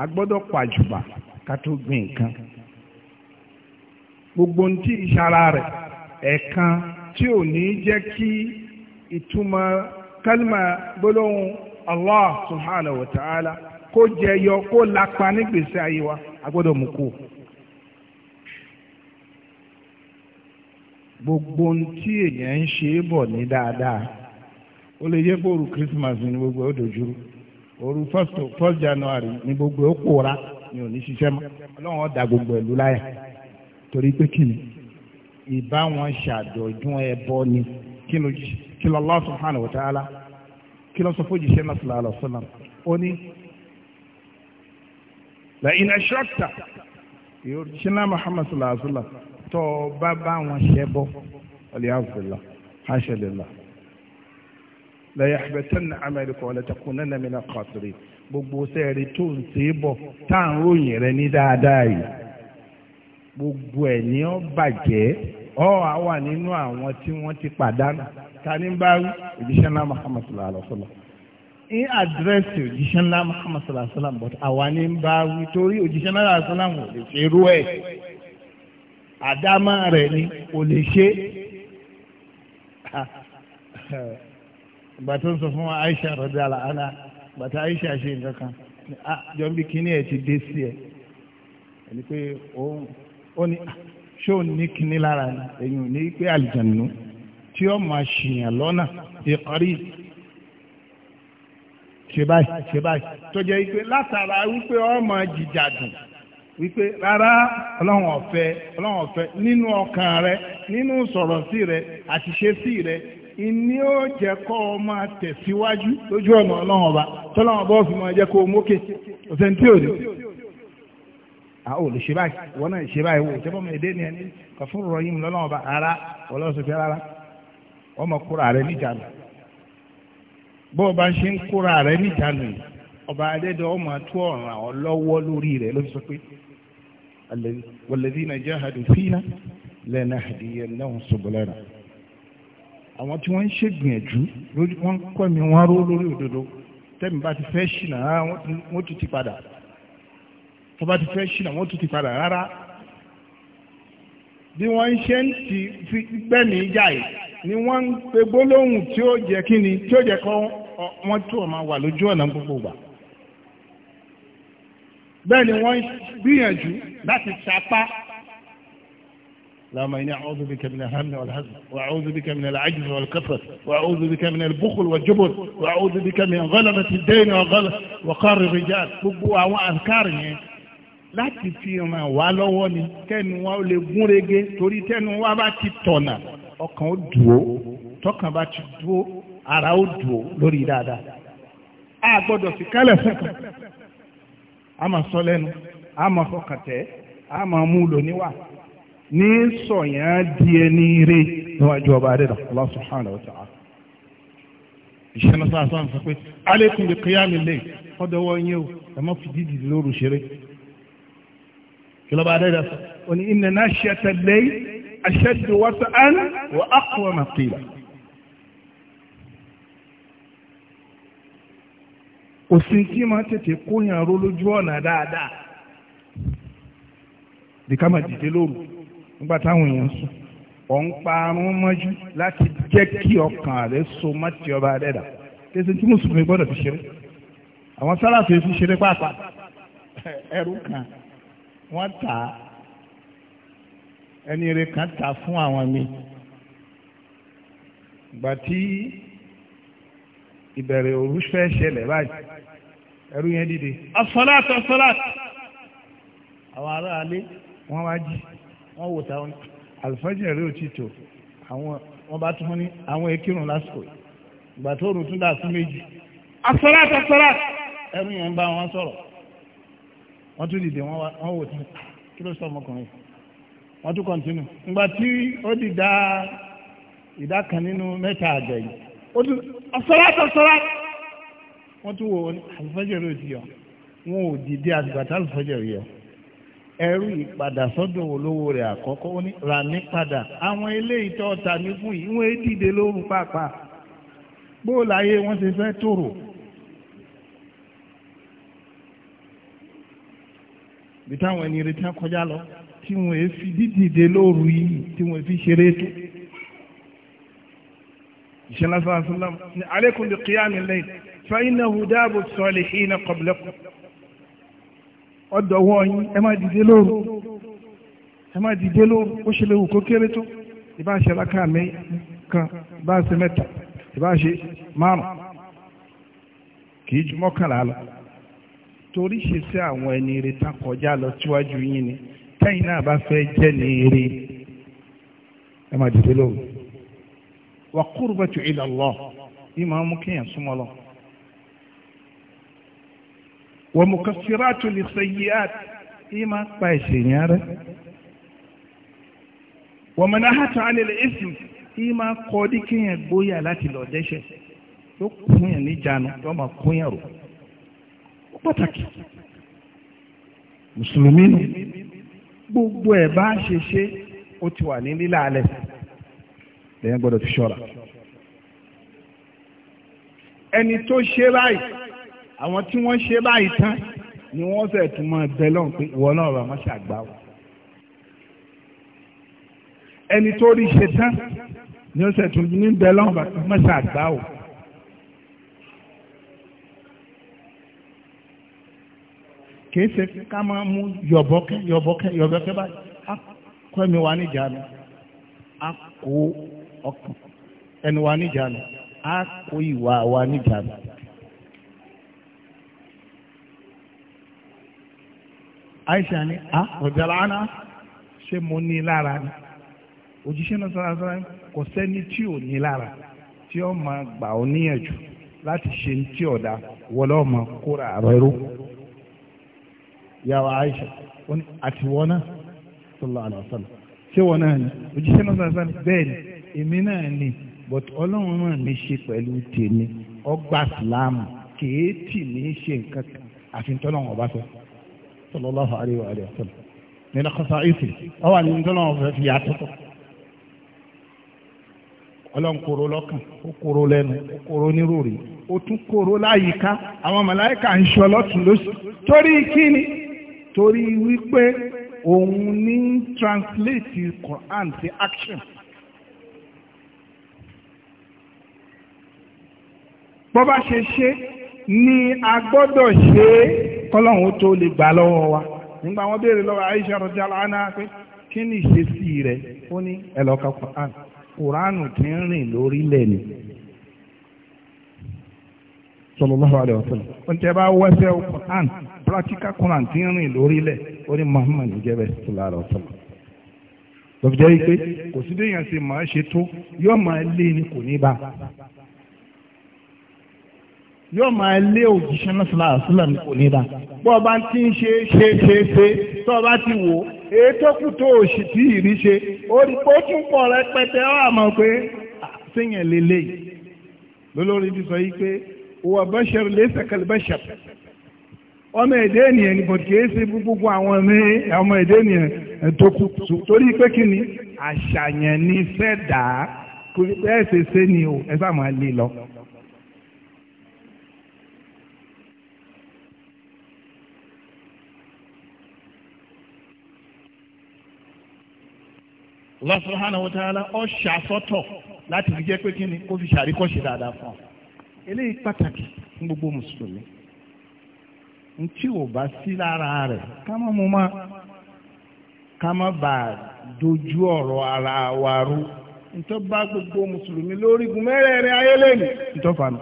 a gbọ́dọ̀ pàjùbà ká nǹkan gbogbo ní tí ìṣara rẹ̀ ẹ̀ẹ̀kan tí ò ní jẹ́ kí ìtumọ̀ kálímà gbólóhùn Allah subhanahu wa ta'ala kó jẹyọ wa a gbọ́dọ̀ gbogbo ohun tí èèyàn ń ṣe é bọ̀ ní dáadáa ó lè jẹ́ bóòrù Christmas ní gbogbo ó dojúrú first January ní gbogbo ó pòórá ní òní ṣiṣẹ́ mọ́ ọlọ́run ọ̀dà gbogbo ìlú láyà torí pé kí ni wọn ẹbọ ni kí lọ Allah subhanahu kí sọ fún náà ó ní lẹ́yìn ẹ̀ṣọ́ta tọ́ ọ bá bá wọn ṣẹ́ bọ́ aliyahudullah haṣẹlélá la yahbatanna amaluka wala takunanna mina khasirin gbogbo sẹ́ẹ̀rì tó ń ṣe é bọ̀ tá à ń ròyìn rẹ ní dáadáa yìí gbogbo ẹ̀ ní ó bàjẹ́ ọ á wà nínú àwọn tí wọ́n ti pàdánù ta ní bá òjíṣẹ́ ńlá Muhammad sallallahu alaihi wa sallam ní àdírẹ́sì òjíṣẹ́ ńlá Muhammad sallallahu alaihi wa sallam but àwa ní bá wí torí òjíṣẹ́ ńlá sallallahu alaihi wa sallam ò lè ṣerú ẹ̀ àdámọ́ rẹ̀ ni kò lè ṣe bàtà sọ fún Aisha rọdàlà ana bàtà Aisha ṣe nǹkan kan ah, jọ bí kíní ẹ ti dé sí ẹ ẹni pé ó ní ah, ṣó ní kíní lára ni èyí ò ní pé àlìjànú tí ó máa ṣìyàn lọ́nà ìkọrí ṣe báyìí ṣe báyìí tó jẹ́ pé látara wípé ó máa jìjà dùn wípé rárá ọlọ́run ọ̀fẹ́ ọlọ́run ọ̀fẹ́ nínú ọkàn rẹ nínú sọ̀rọ̀ sí rẹ àṣìṣe sí rẹ ìní ó jẹ́ kọ́ ọ máa tẹ̀síwájú lójú ọ̀nà ọlọ́run ọba tọ́lọ́run ọba òfin máa jẹ́ kó o mókè ọ̀sẹ̀ tí ò dé àwọn olùṣe báyìí wọn náà ṣe báyìí wò ìjọba ọmọ èdè ni ẹni kọfún rọ yín lọ́nà ọba ara ọlọ́sọ̀fẹ́ rárá ọmọ kúrò ààrẹ níjànú bó o bá ṣe ń kúrò ààrẹ níjànú yìí ọba adẹ́dọ̀ ọmọ àtú ọ̀ràn ọ̀ lọ́wọ́ lórí rẹ̀ ló fi sọ pé walladhina jahadu fina lanahdiyannahum subulana àwọn tí wọ́n ń ṣègbìyànjú lórí wọ́n kọ́ mi wọ́n ró lórí òdodo tẹ́mi bá ti fẹ́ ṣìnà wọ́n tún ti padà tó bá ti fẹ́ ṣìnà wọ́n tún ti padà rárá bí wọ́n ń ṣe ń ti fi gbẹ́mí jáì ni wọ́n ń pe gbólóhùn tí ó jẹ́ kí ni tí ó jẹ́ kọ́ wọ́n tó máa wà lójú ọ̀nà gbogbo gbà bẹ́ẹ̀ ni wọ́n gbìyànjú láti sapá اللهم إني أعوذ بك من الهم والحزن وأعوذ بك من العجز والكسل وأعوذ بك من البخل والجبن وأعوذ بك من غلبة الدين وغلبة وقار الرجال gbogbo àwọn àǹkárì yẹn láti fi ràn wá lọ́wọ́ ni tẹ́nu wa ó lè gún régé torí tẹ́nu wa bá ti tọ̀nà ọkàn ó dúró tọkàn bá ti dúró ara ó dúró lórí dáadáa a gbọ́dọ̀ fi kálẹ̀ fún kan a máa sọ lẹ́nu a máa fọkàn tẹ́ a máa mú lò níwà ní sọ̀yàn di ẹni rè níwájú ọba adẹ́dà Allah subhanahu wa ta'ala. ìṣẹ́ náà sáà sáà sọ pé alaykum bi qiyam al-layl ọdọwọ́ yín o ẹ má fi dídì lóru ṣeré. kìlọ́ba adẹ́dà sọ. ó ní inna nashiyata al-layl ashaddu wat'an wa aqwama qila. kò sí kí máa tètè kóyàn ró lójú ọ̀nà dáadáa dìkà máa dìde lóru nígbà táwọn èèyàn sùn ọ̀ ń parun mọ́jú láti jẹ́ kí ọkàn rẹ̀ so mọ́tì ọba rẹ̀ dà tẹ̀sí tí mùsùlùmí gbọ́dọ̀ fi ṣeré àwọn sálàfẹ́ fi ṣeré pàápàá ẹrú kan wọ́n tà á ẹni rẹ̀ kan tà fún àwọn mi gbàtí ìbẹ̀rẹ̀ òru fẹ́ ṣẹlẹ̀ báyìí ẹrú yẹn dìde asọ́láàtì asọ́láàtì àwọn ará alẹ́ wọ́n wá jí wọ́n wò táwọn àlùfáàjì rẹ̀ ò ti tò àwọn wọ́n bá tún ní àwọn ekirun lásìkò ìgbà tó rùn tún dà sí méjì asọ́láàtì asọ́láàtì ẹrú yẹn ń bá wọn sọ̀rọ̀ wọ́n tún dìde wọ́n wò tán kí ló sọ ọmọkùnrin wọ́n tún kọ́ntínú ìgbà tí ó dìda ìdá kan nínú mẹ́ta àgbẹ̀yìn ojú ọ̀sọ́láàtọ̀ ọ̀sọ́láàtọ̀ wọ́n tún wò ó àlùfẹ́jẹ̀rì ò ti yọ wọn ò dìde àgbàtà àlùfẹ́jẹ̀rì yọ ẹrú ìpadà sọ́dọ̀ olówó rẹ̀ àkọ́kọ́ ó ní rà ní padà àwọn eléyìí tó ta ní fún yìí wọ́n dìde lóru pàápàá bóòlù ayé wọ́n ti fẹ́ tòrò. bí táwọn ẹni retí kọjá lọ tí wọ́n fi dídìde lóru yìí tí wọ́n fi ṣeré tó ìṣẹ́lá sàlám ní alaykum bi qiyam al-layl fa innahu daabu salihina qablakum ọ̀dọ̀ wọ̀nyí ẹ má dìde lóru ẹ má dìde lóru ó ṣe léwu kó kéré tó ìbá ṣe rákà mi kan ìbá ṣe mẹ́ta ìbá ṣe márùn kì í ju mọ́kànlá lọ torí ṣe sí àwọn ẹni rẹ̀ tá kọjá lọ síwájú yín ni tẹ́yìn náà bá fẹ́ jẹ́ ní eré ẹ má dìde lóru wà kúrúbàtù ila Allah yìí máa mú kéèyàn súnmọ́ lọ. wà mukassiratu lisayyi'at yìí máa pa ẹ̀ṣẹ̀ yẹn rẹ. wà manahatu 'anil ism yìí máa kọ́ di kéèyàn gbóyà láti lọ dẹ́ṣẹ̀ yóò kún yẹn níjànú yóò máa kún yẹn rò pàtàkì mùsùlùmí ni gbogbo ẹ̀ bá ṣe ṣe ó ti wà ní lílàálẹ̀ lèyàn gbọ́dọ̀ fi ṣọ́ra ẹni tó ṣe báyìí àwọn tí wọ́n ṣe báyìí tán ni wọ́n fẹ́ tún máa bẹ lọ́n pé ìwọ náà rà má ṣàgbá o ẹni tó rí ṣe tán ni ó ṣe tún ní bẹ lọ́n má ṣàgbá o. kìí ṣe ká máa mú yọ̀bọ̀kẹ́ yọ̀bọ̀kẹ́ yọ̀bọ̀kẹ́ báyìí á kọ́ mi wá níjà mi á kó ọkàn ẹnu wa níjànú á kó ìwà wa níjànú. Aisha ni a ọ̀dàlá àná ṣé mo ní lára ni òjíṣẹ́ náà sára sára kò sẹ́ni tí ò ní lára tí ó máa gbà ó níyànjú láti ṣe tí ọ̀dà wọlé ọmọ kóra àrẹ́rú yàrá Aisha àti wọn náà sallallahu alaihi wasallam ṣé wọn náà ni òjíṣẹ́ náà sára sára bẹ́ẹ̀ ni. èmi náà ni but ọlọ́run náà ní ṣe pẹ̀lú tèmi ọgbà síláàmù kìí tì ní ṣe nǹkan kan àfi tọ́lọ́run ọba fẹ́ nínú kọsá fi ọlọ́run kóró lọ́kàn ó kóró lẹ́nu ó kóró nírúurì ó tún kóró láyìíká àwọn ń torí kíni torí wípé òun ní translate Quran action. bọ́ ṣe ṣe ni a gbọ́dọ̀ ṣe tó lè gbà lọ́wọ́ wa nígbà wọn béèrè lọ́wọ́ Aisha radiyallahu anha pé kí ni ìṣesí rẹ̀ ó ní ẹlọ́ka Quran Quran ti ń rìn lórílẹ̀ ni ó ń tẹ́ bá wẹ́sẹ̀ Quran practical Quran ti ń rìn lórílẹ̀ ó ní Muhammad jẹ́bẹ̀ lọ́fíjẹ́ yìí pé kò ṣe máa ṣe tó máa ni kò yóò máa lé òjíṣẹ́ náà sílá sílẹ̀ ní kò ní dá bọ́ bá ti ń ṣe ṣe ṣe ṣe tó bá ti wò èyí tó kù tó òṣì tí ìrí ṣe ó rí pé ó tún pọ̀ rẹpẹtẹ ó àmọ́ pé síyàn lélẹ̀ lólórí ti sọ yìí pé wà bashar laysa kal bashar ọmọ èdè ènìyàn ni bọ̀dì kìí ṣe gbogbo àwọn ọmọ èdè ènìyàn tó kù torí pé kí ni àṣàyàn ní fẹ́ dà á ẹ ṣe ṣe ni o ẹ sáà máa lè lọ. Allah subhanahu wa ta'ala ọ ṣàsọ́tọ̀ láti fi jẹ́ pé kí ni kó fi ṣàríkọ́ṣe dáadáa fún ọ. eléyìí pàtàkì fún gbogbo mùsùlùmí n tí ò bá sí lára rẹ̀ ká má mú má ká má bà á dojú ọ̀rọ̀ ara wa rú ntọ́ bá gbogbo mùsùlùmí lórí gun mẹ́rẹ̀ẹ̀rin ayé lẹ́nu ntọ́ fanu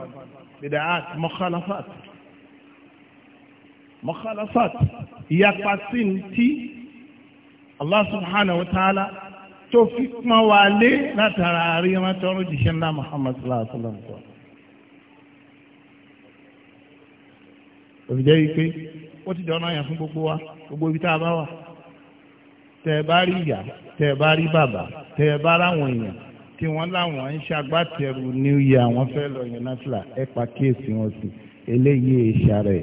bìdà art mọ́kálafat mọ́kálafat ìyapa sí ní Allah subhanahu wa ta'ala tó fi pọn wa lé látara àríwá tọrọ jíṣẹ́ ńlá Muhammad sallallahu alaihi wa sallam tó. òfìjẹ́ yìí pé ó ti dọ̀nà yàn fún gbogbo wa gbogbo ibi tá a bá wà tẹ ẹ bá rí ìyá tẹ ẹ bá rí bàbá tẹ ẹ bá ráwọn èèyàn tí wọ́n láwọn ń ṣagbátẹrù new year àwọn fẹ́ lọ yẹn násìlà ẹ pa kíyèsí wọn sí eléyìí ìṣàrẹ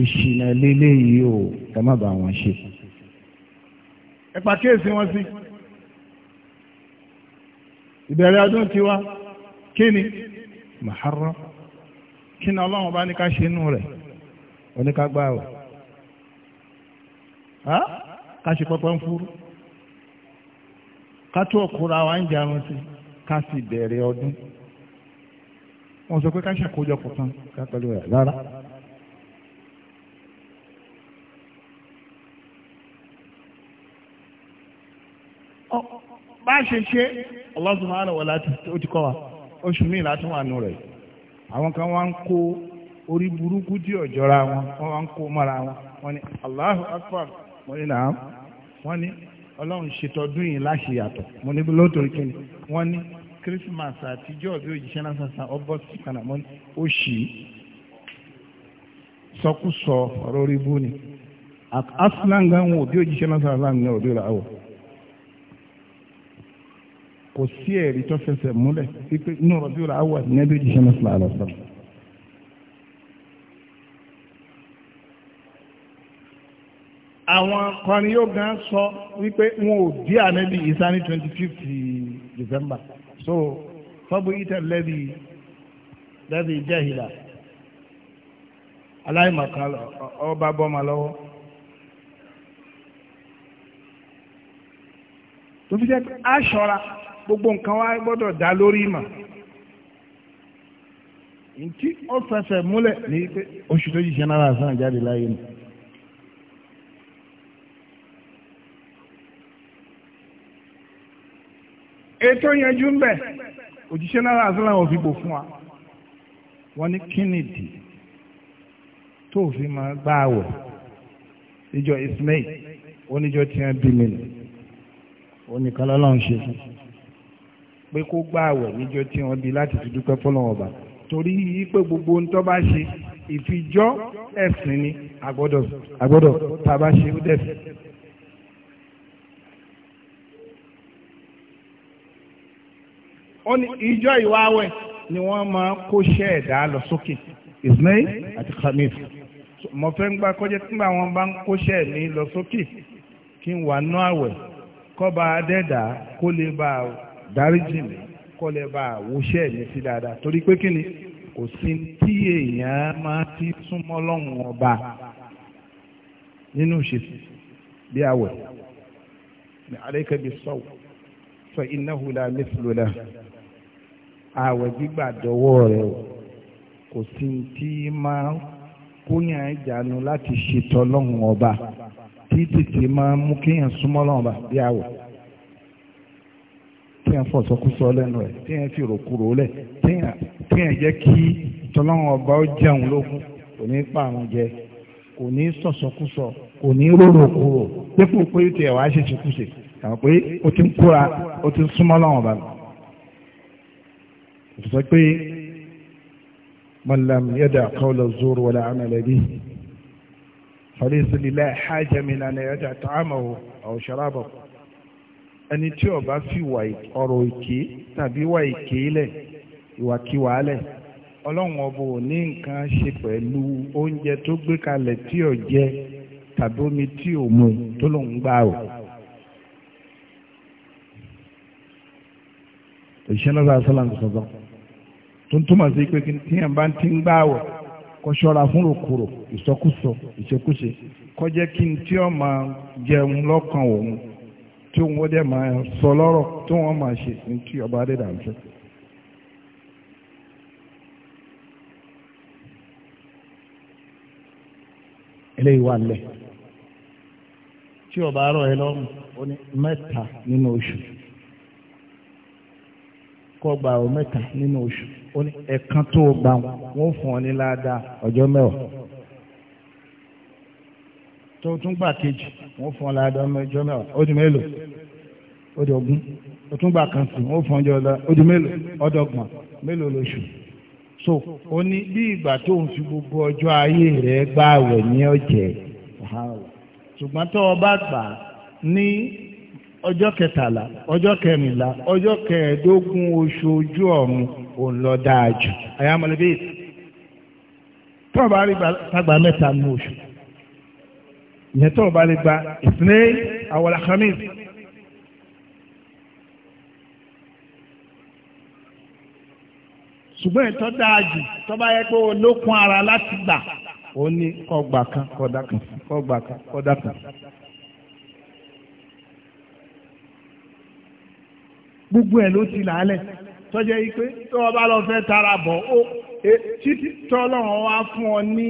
ìṣìnà lélẹyìí o ẹ má bàa wọn ṣe ẹ pa kíyèsí wọn sí ìbẹ̀rẹ̀ ọdún tiwa kí ni Muharram kí ni ọlọ́run bá ní ká ṣe inú rẹ̀ oníkágbáwẹ̀ ká ṣe pọpọ ń fúrú ká tó ọkùnrin àwọn àǹjarun sí ká sì bẹ̀rẹ̀ ọdún wọ́n sọ pé ká ṣàkójọpọ̀ tán ká pẹ̀lú ẹ̀ rárá. bá ṣe ṣe Allah subhanahu wa ti kọ́ wa oṣù míì látún wà nù rẹ̀ àwọn kan wá ń kó orí burúkú tí ọ̀jọ́ra wọn wọ́n wá ń kó mọ́ra wọn wọ́n Allahu akbar wọ́n ni nàá wọ́n ní ọlọ́run ṣètọ́dún yìí láṣẹ yàtọ̀ mo ni wọ́n ní Christmas àtijọ́ bí náà sàn ó ṣì í sọkúsọ ọ̀rọ̀ orí bú ni aslan gan wo bí náà sàn kò sí ẹ̀rí tó fẹsẹ̀ múlẹ̀ wípé inú rọ̀bí rà wà nẹ́bí jíṣẹ́ náà sílá àlọ́sọ̀. àwọn akọrin yóò gan sọ wípé wọn ò dí ànábì ìsá ní twenty fifth December so fọ́bù ìtẹ̀ lẹ́bi lẹ́bi jẹ́hìlá aláìmọ̀kan ọba bọ́mọ lọ́wọ́. tó fi jẹ́ aṣọra gbogbo nǹkan wa gbọ́dọ̀ dá lórí ìmọ̀ ntí ó fẹsẹ̀ múlẹ̀ ní pé oṣù tó yìí ṣẹnára àsán jáde láyé nù. ètò yanjú ń bẹ òjíṣẹ́ náà àsán làwọn fi bò fún wa wọ́n ní kínìdì tó fi máa gbá àwọ̀ ìjọ ismail oníjọ tí wọ́n bí mi nù oníkan ṣe fún un pé kó gbá àwẹ̀ níjọ́ tí wọ́n di láti fi dúpẹ́ fọ́lọ́run ọba torí pé gbogbo ohun tó bá ṣe ìfijọ́ ẹ̀sìn ni àgbọ́dọ̀ àgbọ́dọ̀ tá a bá ṣe ó dẹ̀sìn. ó ní ìjọ ìwà àwẹ̀ ni wọ́n máa kó ṣẹ́ ẹ̀dá lọ sókè ismail àti khamis mo fẹ́ ń gba kọjá nígbà wọn bá ń kó ṣẹ́ mi lọ sókè kí n wà nú àwẹ̀ kọ́ba adẹ́dà kó lè bá a dáríjì mi kọ́lẹ̀ bá àwòṣẹ́ mi sí dáadáa torí pé kí ni kò sí tí èèyàn máa ti súnmọ́ lọ́hùn ọba nínú ìṣesí bí àwẹ̀ ní àríkẹ́bí sọ́wọ́ sọ iná hula mẹ́sìlélá àwẹ̀ gbígbà dọ́wọ́ rẹ̀ kò sí tí máa kóyàn ìjánu láti ṣètọ́ lọ́hùn ọba títí tí máa mú kéèyàn súnmọ́ lọ́hùn ọba bí àwẹ̀ téèyàn fọ̀sọ́kúsọ lẹ́nu ẹ̀ téèyàn fi ròkúrò lẹ̀ téèyàn jẹ́ kí tọ́lọ́wọ́n ọba ó jẹun lógún kò ní pa jẹ kò ní sọ̀sọ́kúsọ kò ní rórokúrò dépò pé tiẹ̀ wá ṣe ṣekúṣe kàwọn pé ó ti ń kóra ó ti ń súnmọ́ lọ́wọ́n ọba lọ. sọ pé man lam yada qawla zur wala amala bihi falaysa lillahi haja min an ẹni tí ó bá fi ọ̀rọ̀ èké tàbí wà èké lẹ̀ ìwàkiwà lẹ̀ ọlọ́run ọba ò ní nǹkan ṣe pẹ̀lú oúnjẹ tó gbé kalẹ̀ tí ò jẹ tàbí omi tí ò mu tó lòún gbà o. òṣìṣẹ́ náà sáà sọ́lá nǹkan tó ń túmọ̀ sí pé tí ẹ̀ bá ti ń gbà wọ̀ kó ṣọ́ra fún ròkòrò ìsọkúsọ ìṣekúṣe kó jẹ́ kí n tí ó máa jẹun lọ́kàn òun. tí wọ́n dẹ̀ máa sọ lọ́rọ̀ tí wọ́n máa ṣe ní kí ọba adédà ń fẹ́. eléyìí wà lẹ̀ tí ọba arọ ẹ lọ́rùn ó ní mẹ́ta nínú oṣù kọ́gbà mẹ́ta nínú oṣù ó ní ẹ̀kan tó gbà wọ́n fún ọ ní ládàá ọjọ́ mẹ́wàá. tó tún gbà kejì wọ́n fún ọ ládàá ọmọ ìjọ mẹ́wàá ó di mélòó ó di ogún ó tún gbà kan sí wọ́n fún ọjọ́ ọ̀la mélòó ọdọgbọ̀n mélòó lóṣù so ó ní bí ìgbà tó ń fi gbogbo ọjọ́ ayé rẹ̀ gbààwẹ̀ ní ọ̀jẹ̀ ṣùgbọ́n tó o bá gbà ní ọjọ́ kẹtàlá ọjọ́ kẹrìnlá ọjọ́ kẹẹ̀ẹ́dógún oṣù ojú ọ̀run òun lọ dáa jù àyàmọ̀lẹ́bí tọ́ọ̀bù àrígbà tágbà mẹ́ta ní oṣù ìyẹn tó o bá lè gba ìsinmi àwọn alhamis ṣùgbọ́n ìtọ́ dáa jù tó bá yẹ pé olókun ara láti gbà ó ní kó gbà kan kó dá kan kó gbà kan kó dá kan. gbogbo ẹ̀ ló ti làálẹ̀ tọ́jẹ́ yìí pé tó o bá lọ fẹ́ tara bọ̀ ó e, títí tọ́lọ́run wá fún ọ ní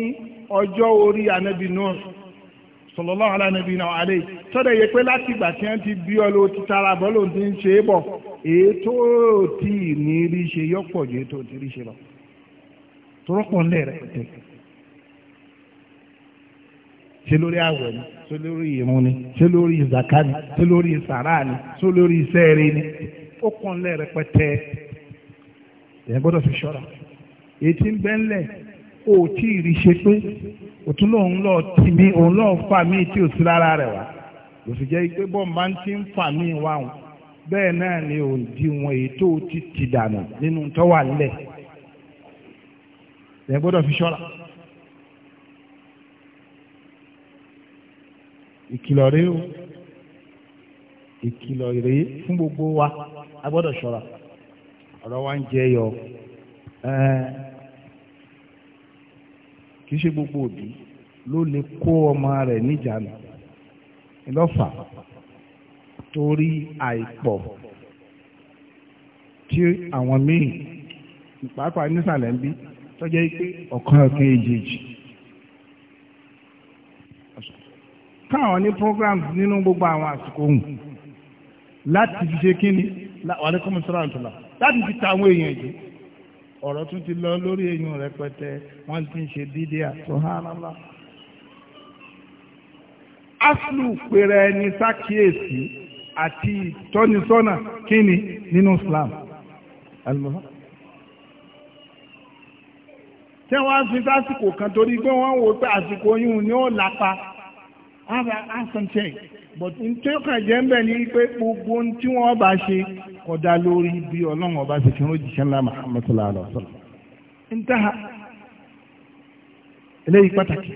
ọjọ́ orí ànábì náà sallallahu ala nabina wa alayhi sọ́dọ̀ yẹ pé láti ìgbà tí wọ́n ti bí ọ ló ti tara bọ́ ló ti ń ṣe é bọ̀ ètò tí ní rí ṣe yọ́pọ̀ ju ètò tí rí ṣe lọ torọ́pọ̀ ńlẹ̀ rẹ̀ tẹ̀ ṣe lórí àwẹ̀ ni ṣe lórí ìrun ni ṣe lórí ìzàká ni ṣe lórí sàrà ni ṣe lórí iṣẹ́ ni ó pọ̀ ńlẹ̀ rẹpẹtẹ ẹ̀ gbọ́dọ̀ fi ṣọ́ra ètí ń bẹ́ńlẹ̀ o tí ì rí ṣe pé òtún lòun lọ tì mí òun lọ fà mí tí ò sí lára rẹ̀ wá kò sì jẹ́ pé bọ́ọ̀ máa ń ti ń fà mí wá wọn bẹ́ẹ̀ náà ni ò di wọn èyí tó ti ti dànù nínú tó wà nílẹ̀ ẹ gbọ́dọ̀ fi ṣọ́ra. ìkìlọ̀ rèé o ìkìlọ̀ rèé fún gbogbo wa a gbọ́dọ̀ ṣọ́ra ọ̀rọ̀ wa ń jẹyọ kì í ṣe gbogbo òbí ló lè kó ọmọ rẹ̀ níjànú lọ́fà torí àìpọ̀ tí àwọn míì pàápàá nísàlẹ̀ ń bí tọ́jẹ́ pé ọ̀kan ọ̀kan èjèèjì. káwọn ní programs nínú gbogbo àwọn àsìkò òun láti fi ṣe kí ni wàlẹ́kọ́mọ̀sọ́rọ̀ láti fi ta àwọn èèyàn jẹ́ ọ̀rọ̀ tún ti lọ lórí èèyàn rẹpẹtẹ wọ́n ti ń ṣe dídí àtúnhánálá. aslu pèrè ẹni sákìyèsí àti ìtọ́nisọ́nà kíni nínú Islam. tí wọ́n á fi sásìkò kan torí pé wọ́n wò pé àsìkò yìí ni ó lápa. have an check but tí but kàn jẹ́ ń gbogbo tí wọ́n bá ṣe kọ̀dá lórí bí ọlọ́run ọba ṣe kírun òjìṣẹ́ ńlá Muhammad sallallahu alaihi wasallam ń dáhà eléyìí pàtàkì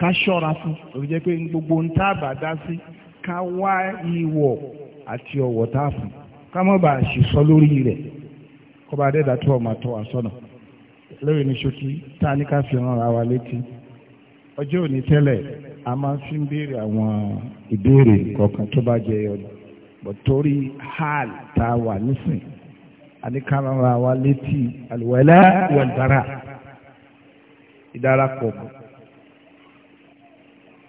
ká ṣọ́ra fún òfin jẹ́ pé gbogbo ń tá àbá dá sí ká wá ìwọ̀ àti ọ̀wọ̀ tá a fún ká mọ̀ bá ṣe sọ lórí rẹ̀ kọba adẹ́dà tó ọmọ lórí ní ṣókí tá a ní ká fi ràn ra wa létí ọjọ́ òní tẹ́lẹ̀ a máa fi ń béèrè àwọn ìbéèrè kọ̀ọ̀kan tó bá jẹ ọ̀nà bọ̀ torí hàl tá a wà nísìn àníkàmọ́ra wa létí àlùwẹ̀lẹ́ wẹ̀lbára ìdárapọ̀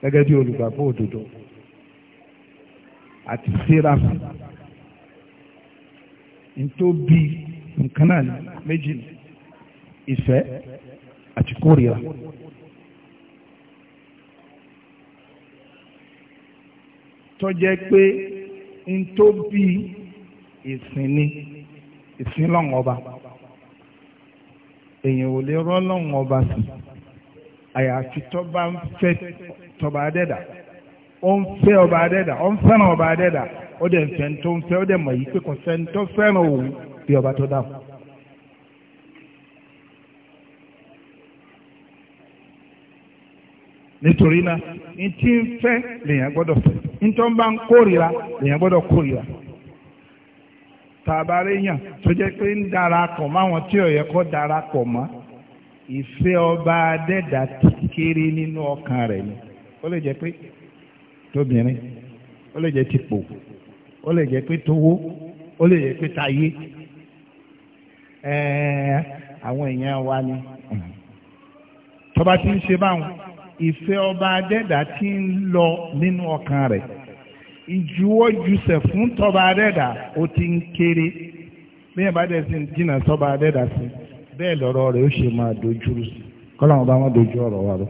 gẹ́gẹ́ bí olùgbàgbọ́ òdodo àti sírafù ntóbi nǹkan méjì ìfẹ́ àti kórìíra. tó jẹ́ pé n tó bí ìsìn ni ìsìn lọ́wọ́n ọba èèyàn ò lè rọ́ lọ́wọ́n ọba sí àyàfi tó bá ń fẹ́ tọba adẹ́dà ó ń fẹ́ ọba adẹ́dà ó ń fẹ́ràn ọba adẹ́dà ó dẹ̀ ń fẹ́ tó ń fẹ́ ó dẹ̀ mọ̀ yìí pé kò sẹ́ni tó fẹ́ràn òun bí ọba tó dáhùn. nítorí náà ní tí ń fẹ́ lèèyàn gbọ́dọ̀ fẹ́. ntọ́ bá ń kórìíra èèyàn gbọ́dọ̀ kórìíra tàbárẹ̀ yàn tó jẹ́ pé ń darapọ̀ máwọn tí ó yẹ darapọ̀ mọ́ ìfẹ́ ọba adẹ́dà kéré nínú ọkàn rẹ̀ ni ó lè jẹ́ pé tóbìnrin ó lè jẹ́ tipò ó lè jẹ́ pé tówó ó lè jẹ́ pé tayé ẹ̀ẹ́ àwọn èèyàn wa ni tọ́ba ti ń ṣe ìfẹ́ ọba adẹ́dà tí ń lọ nínú ọkàn rẹ̀ ìjuwọ́jusẹ̀ fún tọba adẹ́dà ó ti ń kéré bí ẹ̀ bá dẹ̀ sí jìnnà tọba adẹ́dà sí bẹ́ẹ̀ lọ́rọ̀ rẹ̀ ó ṣe máa dojúrú sí kọ́lọ́mọ bá wọn dojú ọ̀rọ̀ wa rọ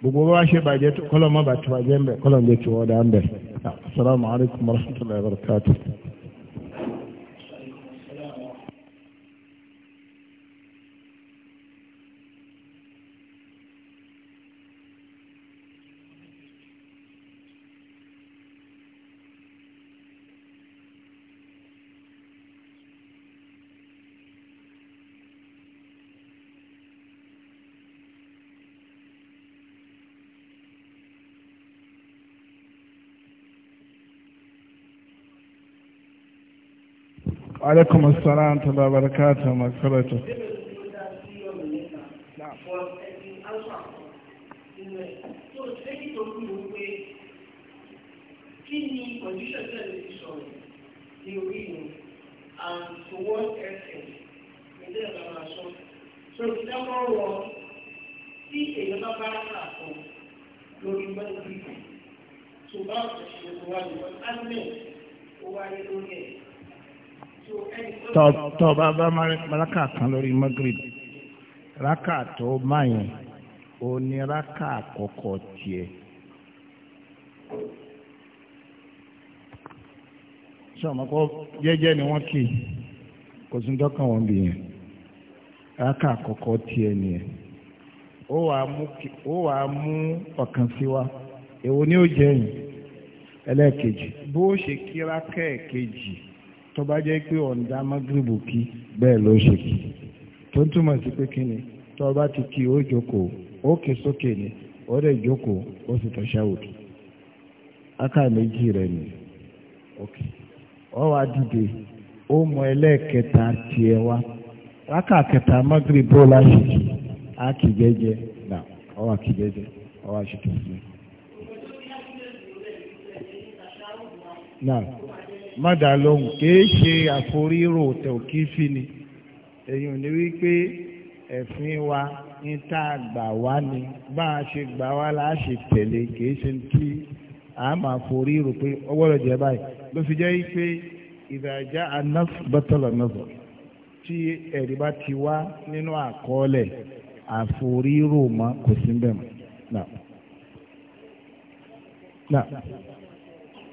gbogbo bá ṣe bàjẹ́ tó kọ́lọ́mọ bá tó ń bẹ̀ kọ́lọ́mọ bá tó ń bẹ̀ assalamu alaikum warahmatullahi wabarakatuh. alaikum assalam wa barakatuh masarautu tó ọba bá maraka kan lórí Magreth. raka tó má o ó ní raka àkọ́kọ́ tiẹ̀. sọ̀mọ́kọ́ jẹ́jẹ́ ni wọ́n kì í kò sí dọ́kàn wọn bì yẹn raka àkọ́kọ́ tiẹ̀ nìyẹn ó wàá mú ọ̀kan sí wa èwo ni ó jẹ́ yìí ẹlẹ́ẹ̀kejì bó ṣe kíra kẹ́ẹ̀kejì tó bá jẹ́ pé ọ̀ǹda magrebu kí bẹ́ẹ̀ ló ṣe kí tó ń túmọ̀ sí pé kí ni tó bá ti kí ó jókòó ó ké ni ó jókòó aka méjì rẹ̀ ni ok ọ wá dìde ó mọ ẹlẹ́ẹ̀kẹta aka kẹta magrebu láṣẹ kí á kì jẹ́jẹ́ náà ọ wá kì jẹ́jẹ́ ọ wá mọ́dà lóhùn kìí ṣe àforírò tòkí fi ni èyí ò ní wípé ẹ̀sìn wa ní tá a gbà wá ni bá a ṣe gbà wá la ṣe tẹ̀lé kìí ṣe tí a máa forírò pé ọwọ́rọ̀ jẹ́ báyìí ló fi jẹ́ wípé ìdájá anáf bọ́tọ̀lọ̀ nọ́bọ̀ tí ẹ̀rí bá ti wá nínú àkọọ́lẹ̀ àforírò mọ́ kò sí bẹ́ẹ̀ mọ́.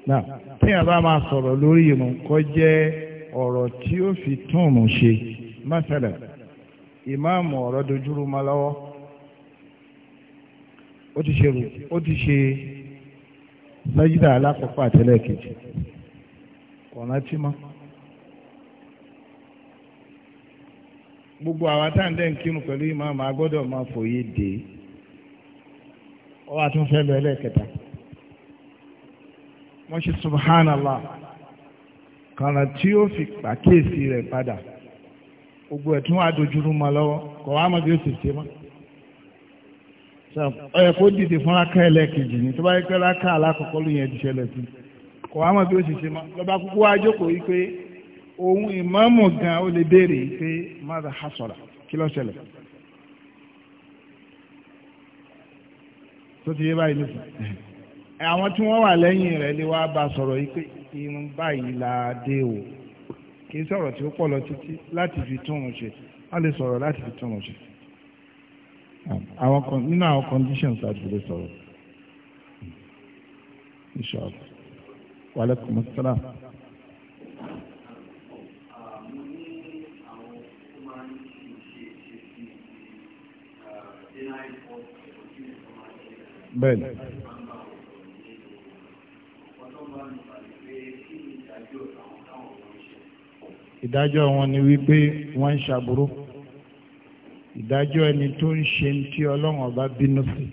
náà tí a bá máa sọ̀rọ̀ lórí irun jẹ́ ọ̀rọ̀ tí ó fi tún ṣe mọ́sálà ìmáàmù ọ̀rọ̀ dojúrú ma lọ́wọ́ ó ti ṣe ó ti ṣe sájídà alákọ̀ọ́kọ́ àtẹlẹ́kejì kọ̀ọ̀nà tí gbogbo àwa tá ń kírun pẹ̀lú ìmáàmù máa fòye dé wọ́n ṣe subhanallah kàrà tí ó fi pàkíyèsí rẹ̀ padà gbogbo ẹ̀ tí wọ́n á dojúrú mọ́ lọ́wọ́ kọ̀ wá mọ́ bí ó sì ṣe mọ́ ọ yẹ kó dìde fún raka ẹlẹ́ẹ̀kejì ni tó bá yẹ pé raka alákọ̀ọ́kọ́ ló yẹn ti ṣẹlẹ̀ sí kò wá mọ̀ bí ó sì ṣe mọ́ lọ́ba kúkú wá jókòó yìí pé ohun ìmáàmù gan ó lè béèrè yìí pé mada hasọ̀rà kí ló ṣẹlẹ̀ tó ti yé báyìí nísìnyí àwọn tí wọ́n wà lẹ́yìn rẹ̀ lè wá bá sọ̀rọ̀ yìí pé irun báyìí la dé o kì í sọ̀rọ̀ tí ó pọ̀ lọ títí láti fi tún un ṣe wọ́n lè sọ̀rọ̀ láti fi tún un ṣe àwọn nínú àwọn conditions àdúgbò sọ̀rọ̀ inshallah wàlẹ́kùn mọ́sálà. bẹ́ẹ̀ni. ìdájọ́ wọn ni wípé wọ́n ń ṣàbúrú ìdájọ́ ẹni tó ń ṣe tí ọlọ́run ọba bínú sí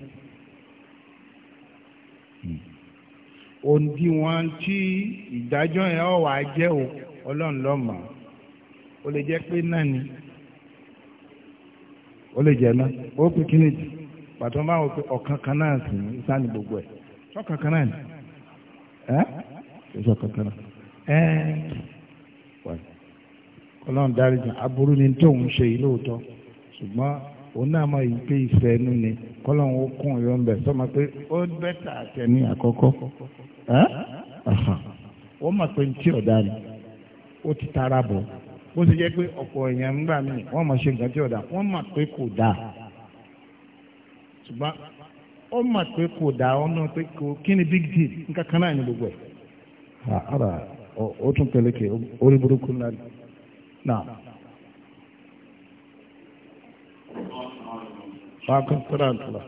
ohun tí wọ́n tí ìdájọ́ yẹn ọ̀ wá jẹ́ o ọlọ́run lọ́mọ ó lè jẹ́ pé náà ni ó lè jẹ́ náà ó pè kí nìjì pàtó máa wọ pé ọ̀kan kan náà sì ní sáni gbogbo ẹ̀ ṣọ́kan kan náà ni ẹ́ ṣọ́kan kan náà ẹ́ wáyé. ọlọ́run dáríjì aburú ni tóun ṣe yìí lóòótọ́ ṣùgbọ́n òun náà mọ̀ yìí ìfẹ́ ẹnu ni kọ́lọ́run ó kún ọ̀yọ́ ń bẹ̀ sọ́mọ pé ó bẹ́tà àtẹ àkọ́kọ́ ó mọ̀ pé ní tí ọ̀dà ni ó ti tara bọ̀ bó ṣe jẹ́ pé ọ̀pọ̀ èèyàn ń gbà mí wọ́n mọ̀ ṣe nǹkan tí ọ̀dà wọ́n mọ̀ pé kò dáa ṣùgbọ́n ó mọ̀ pé kò náà pé kí ni big deal nǹkan kan náà gbogbo ẹ̀ ó náà. Fáàkùn sọ́dọ̀ àtúlọ̀.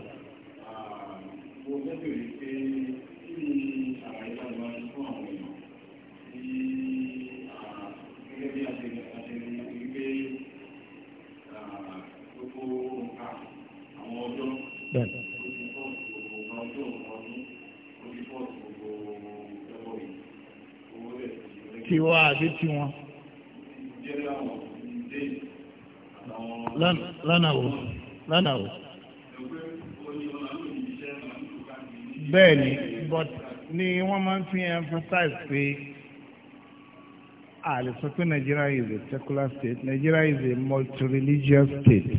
Tiwa àbí tiwọn. lọ́nà wo lọ́nà but ni wọ́n máa ń fi emphasize pé a sọ pé Nigeria is a secular state Nigeria is a multi-religious state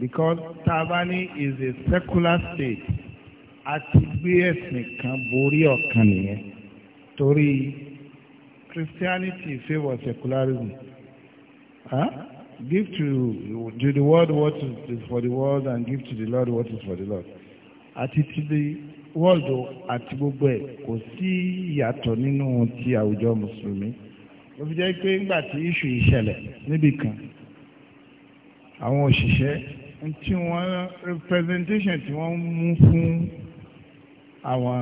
because tabani is a secular state a ti gbé ẹ̀sìn kan borí ọ̀kan nìyẹn torí Christianity favour secularism. Huh? Give to, to the world what is for the world and give to the Lord what is for the Lord. Àti ti the world àti gbogbo ẹ̀ kò sí ìyàtọ̀ nínú ti àwùjọ Mùsùlùmí. Ó fi jẹ́ pé nígbà tí iṣu ìṣẹ̀lẹ̀ níbì kan, àwọn òṣìṣẹ́ tí wọ́n representation tí wọ́n mú fún àwọn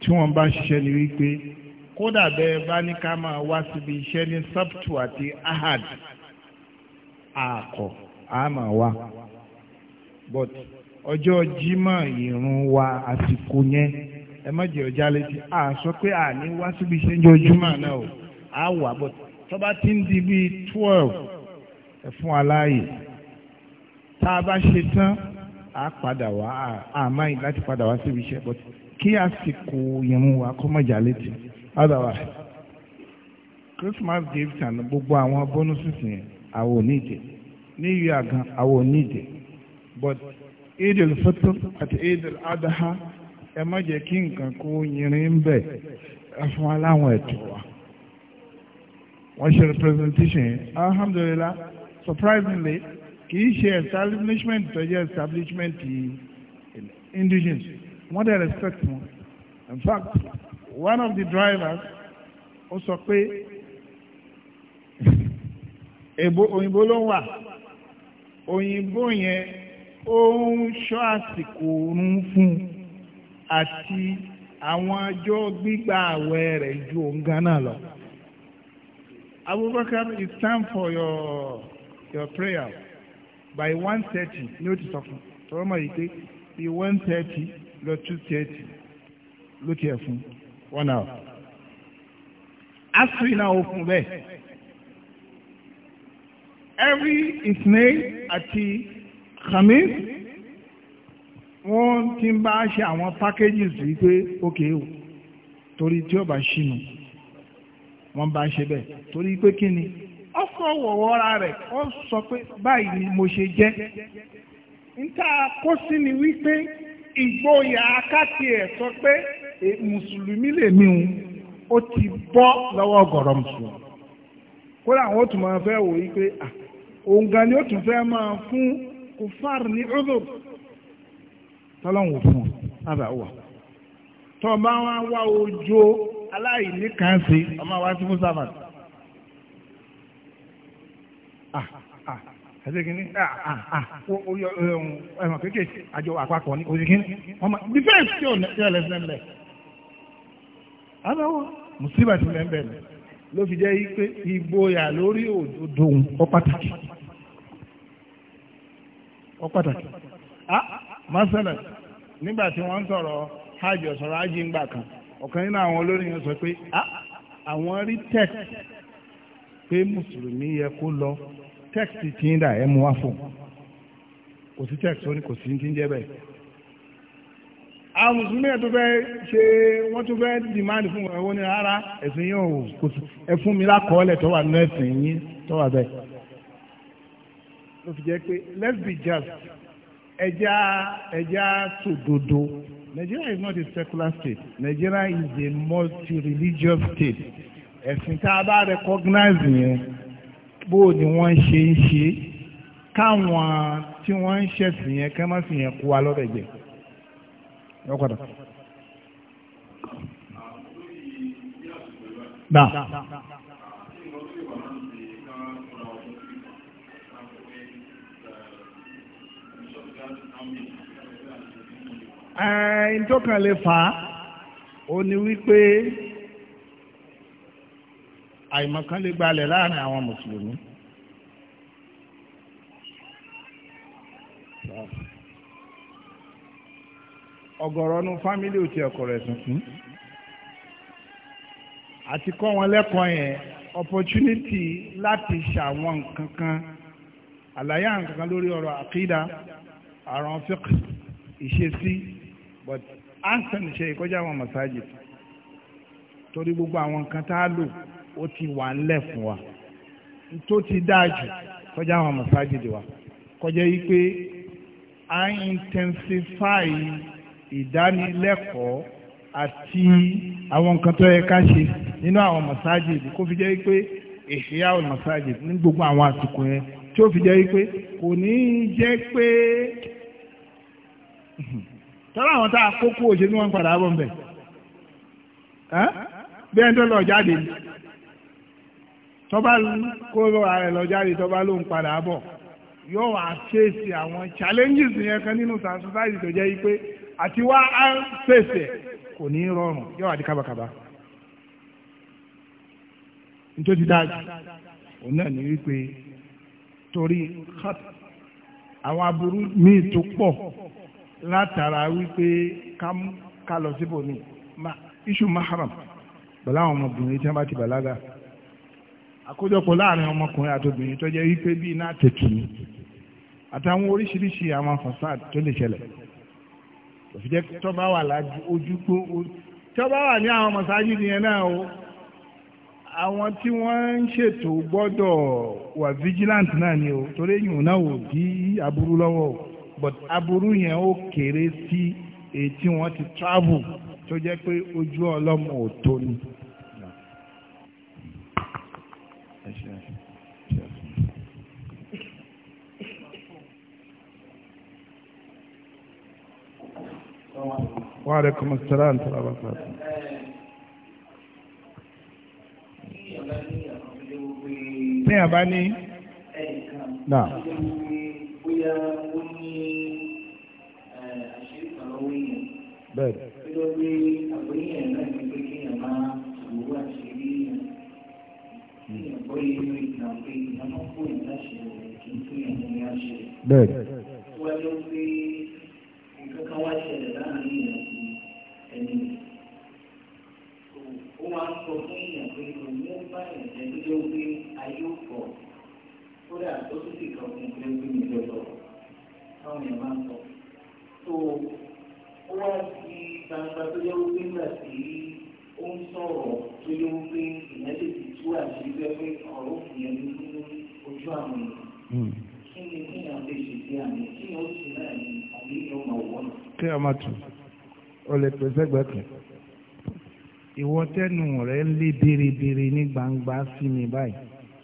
tí wọ́n bá ṣiṣẹ́ ni wípé kódà bẹ́ẹ̀ bá ní ká máa wá síbi iṣẹ́ ní sábtù àti ahad àkọ́ a máa wá but ọjọ́ jímọ̀ ìrun wa àsìkò yẹn ẹ má jẹ́ ọjà létí a sọ pé a ní wá síbi iṣẹ́ ní ojúmọ̀ náà o a wà but tọ́ba ti ń di bíi twelve ẹ fún wa láàyè tá a bá ṣe tán a padà wá a máa ń láti padà wá síbi iṣẹ́ but kí àsìkò ìrun wa kọ́ mọ̀jà létí otherwise Christmas gift and gbogbo àwọn bonuses yẹn àwọn oníjẹ ní ìwé àgàn àwọn oníjẹ but Eid al-Fitr àti Eid al-Adha ẹ má jẹ́ kí nǹkan kó yìnrìn bẹ̀ ẹ fún wa láwọn ẹ̀tọ́ wa wọ́n ṣe representation yẹn surprisingly kì í establishment tó jẹ́ establishment indigenous What dẹ̀ respect wọn in fact one of the drivers ó sọ pé òyìnbó ló wà òyìnbó yẹn ó ń ṣọ́ àsìkò oorun fún un àti àwọn ọjọ́ gbígba àwẹ̀ rẹ̀ ju òun gánà lọ. Abubakar it's time for your your prayer by one thirty ní o ti sọ fún tọ́lọ́mọ yìí pé bí one thirty lọ two thirty ló tiẹ̀ fún un one hour asiri náà ó fún bẹ́ẹ̀ every ismail àti khamis wọ́n ti ń bá ṣe àwọn packages yìí pé ókè o torí tí ó bá ṣìnà wọ́n bá ṣe bẹ́ẹ̀ torí pé kí ni ọkọ̀ wọ̀wọ́ra rẹ̀ ó sọ pé báyìí ni mo ṣe jẹ́ níta kó sí ni wípé ìgboyà akáti ẹ̀ sọ pé mùsùlùmí lè míhun ó ti bọ́ lọ́wọ́ ọ̀gọ̀rọ̀ mùsùlùmí kódà àwọn ó tún máa fẹ́ wò yí pé òun gan ni ó tún fẹ́ máa fún kùfàr ní ọdún tọ́lọ́hùn fún àbá wà tọ́ bá wá wá ojó aláìní kan sí ọmọ wa sí mùsàfà àtẹ́kíní ẹ̀mọ̀ kéèké àjọ àpapọ̀ ní òsìkíní ọmọ defense tí ó lẹ́sẹ̀ lẹ́sẹ̀ aláwọ̀ mùsíbà ti mẹ́ńbẹ̀ ni ló fi jẹ́ pé lórí òdodo ọ ọ pàtàkì wọn ah, nígbà tí wọ́n ń sọ̀rọ̀ hajj ọ̀sọ̀rọ̀ hajj ń gbà kan ọ̀kan nínú àwọn olórin yẹn sọ pé ah, àwọn rí text pé mùsùlùmí yẹ kó lọ text ti ń dà text ó ní kò sí àwọn mùsùlùmí ẹ̀ tó fẹ́ ṣe wọ́n tó fẹ́ dìmáàdì fún ẹ̀wọ́ ní ara ẹ̀sìn yóò kò sí ẹ mi lákọọ́lẹ̀ tó wà nínú ẹ̀sìn yín tó wà bẹ́ẹ̀. ló pé let's be just ẹja ẹja sòdodo Nigeria is not a secular state Nigeria is a multi-religious state ẹ̀sìn tá a bá recognize yẹn bó ni wọ́n ṣe ń ṣe káwọn tí wọ́n ń ṣẹ̀sìn yẹn kẹ́ yẹn kó wa lọ́bẹ̀ jẹ́ yọ padà. Náà. Ẹ̀ẹ́n eh, tó kàn lè fà á, ó ní wípé àìmọ̀kan lè gbalẹ̀ láàrin àwọn mùsùlùmí. ọgọrọ nu fámílì ò ti ẹ̀kọ́ rẹ̀ tuntun àti hmm? kọ́ wọn lẹ́kọ̀ọ́ yẹn opportunity láti ṣàwọn nǹkan kan àlàyé àwọn nǹkan kan lórí ọ̀rọ̀ àkídà àrùn fíkì ìṣesí but ansan ṣe ìkọjá àwọn mọ̀sáàjì torí gbogbo àwọn nǹkan tá a lò ó ti wà ńlẹ̀ fún wa tó ti dáa jù kọjá àwọn mọ̀sáàjì wa kọjá yìí pé i intensify. ìdánilẹ́kọ̀ọ́ àti àwọn nǹkan tó yẹ ká ṣe nínú àwọn masajid kó fi jẹ́ pé ìṣẹ́yà àwọn masajid ní gbogbo àwọn àsìkò yẹn tí ó fi jẹ́ pé kò ní jẹ́ pé tọ́lá àwọn tá a kókó òṣèlú wọn padà bọ̀ mbẹ̀ bí ẹni tó lọ jáde tọ́ba kó ààrẹ lọ jáde tọ́ba ló ń padà bọ̀ yóò wá ṣèèsì àwọn challenges yẹn kan nínú society tó jẹ́ pé àti wá á pèsè kò ní rọrùn yóò wá di kábàkàbà nítorí dájú òun náà ní wípé torí àwọn aburú míì tó pọ̀ látara wípé ká lọ síbò ní iṣu maharam pẹ̀lú àwọn ọmọbìnrin tí wọ́n bá ti bàlágà àkójọpọ̀ láàrin ọmọkùnrin àtòbìnrin tó jẹ́ wípé bíi náà tètè ni àtàwọn oríṣiríṣi àwọn fasad tó lè ṣẹlẹ̀ òfin jẹ́ tó bá wà lájú ojú pé tó wà ní àwọn mọ̀sáájú nìyẹn náà o àwọn tí wọ́n ń ṣètò gbọ́dọ̀ wà vigilant náà ni o torí yìnyín náà ò dí aburú lọ́wọ́ but aburú yẹn ó kéré sí èyí tí wọ́n ti travel tó jẹ́ pé ojú ọlọ́mọ ò tó ni. Thank you. Wa alaikum assalam tó lábà sọ. Ní àbá ní. Náà. Bẹ́ẹ̀ni. sí mi báyìí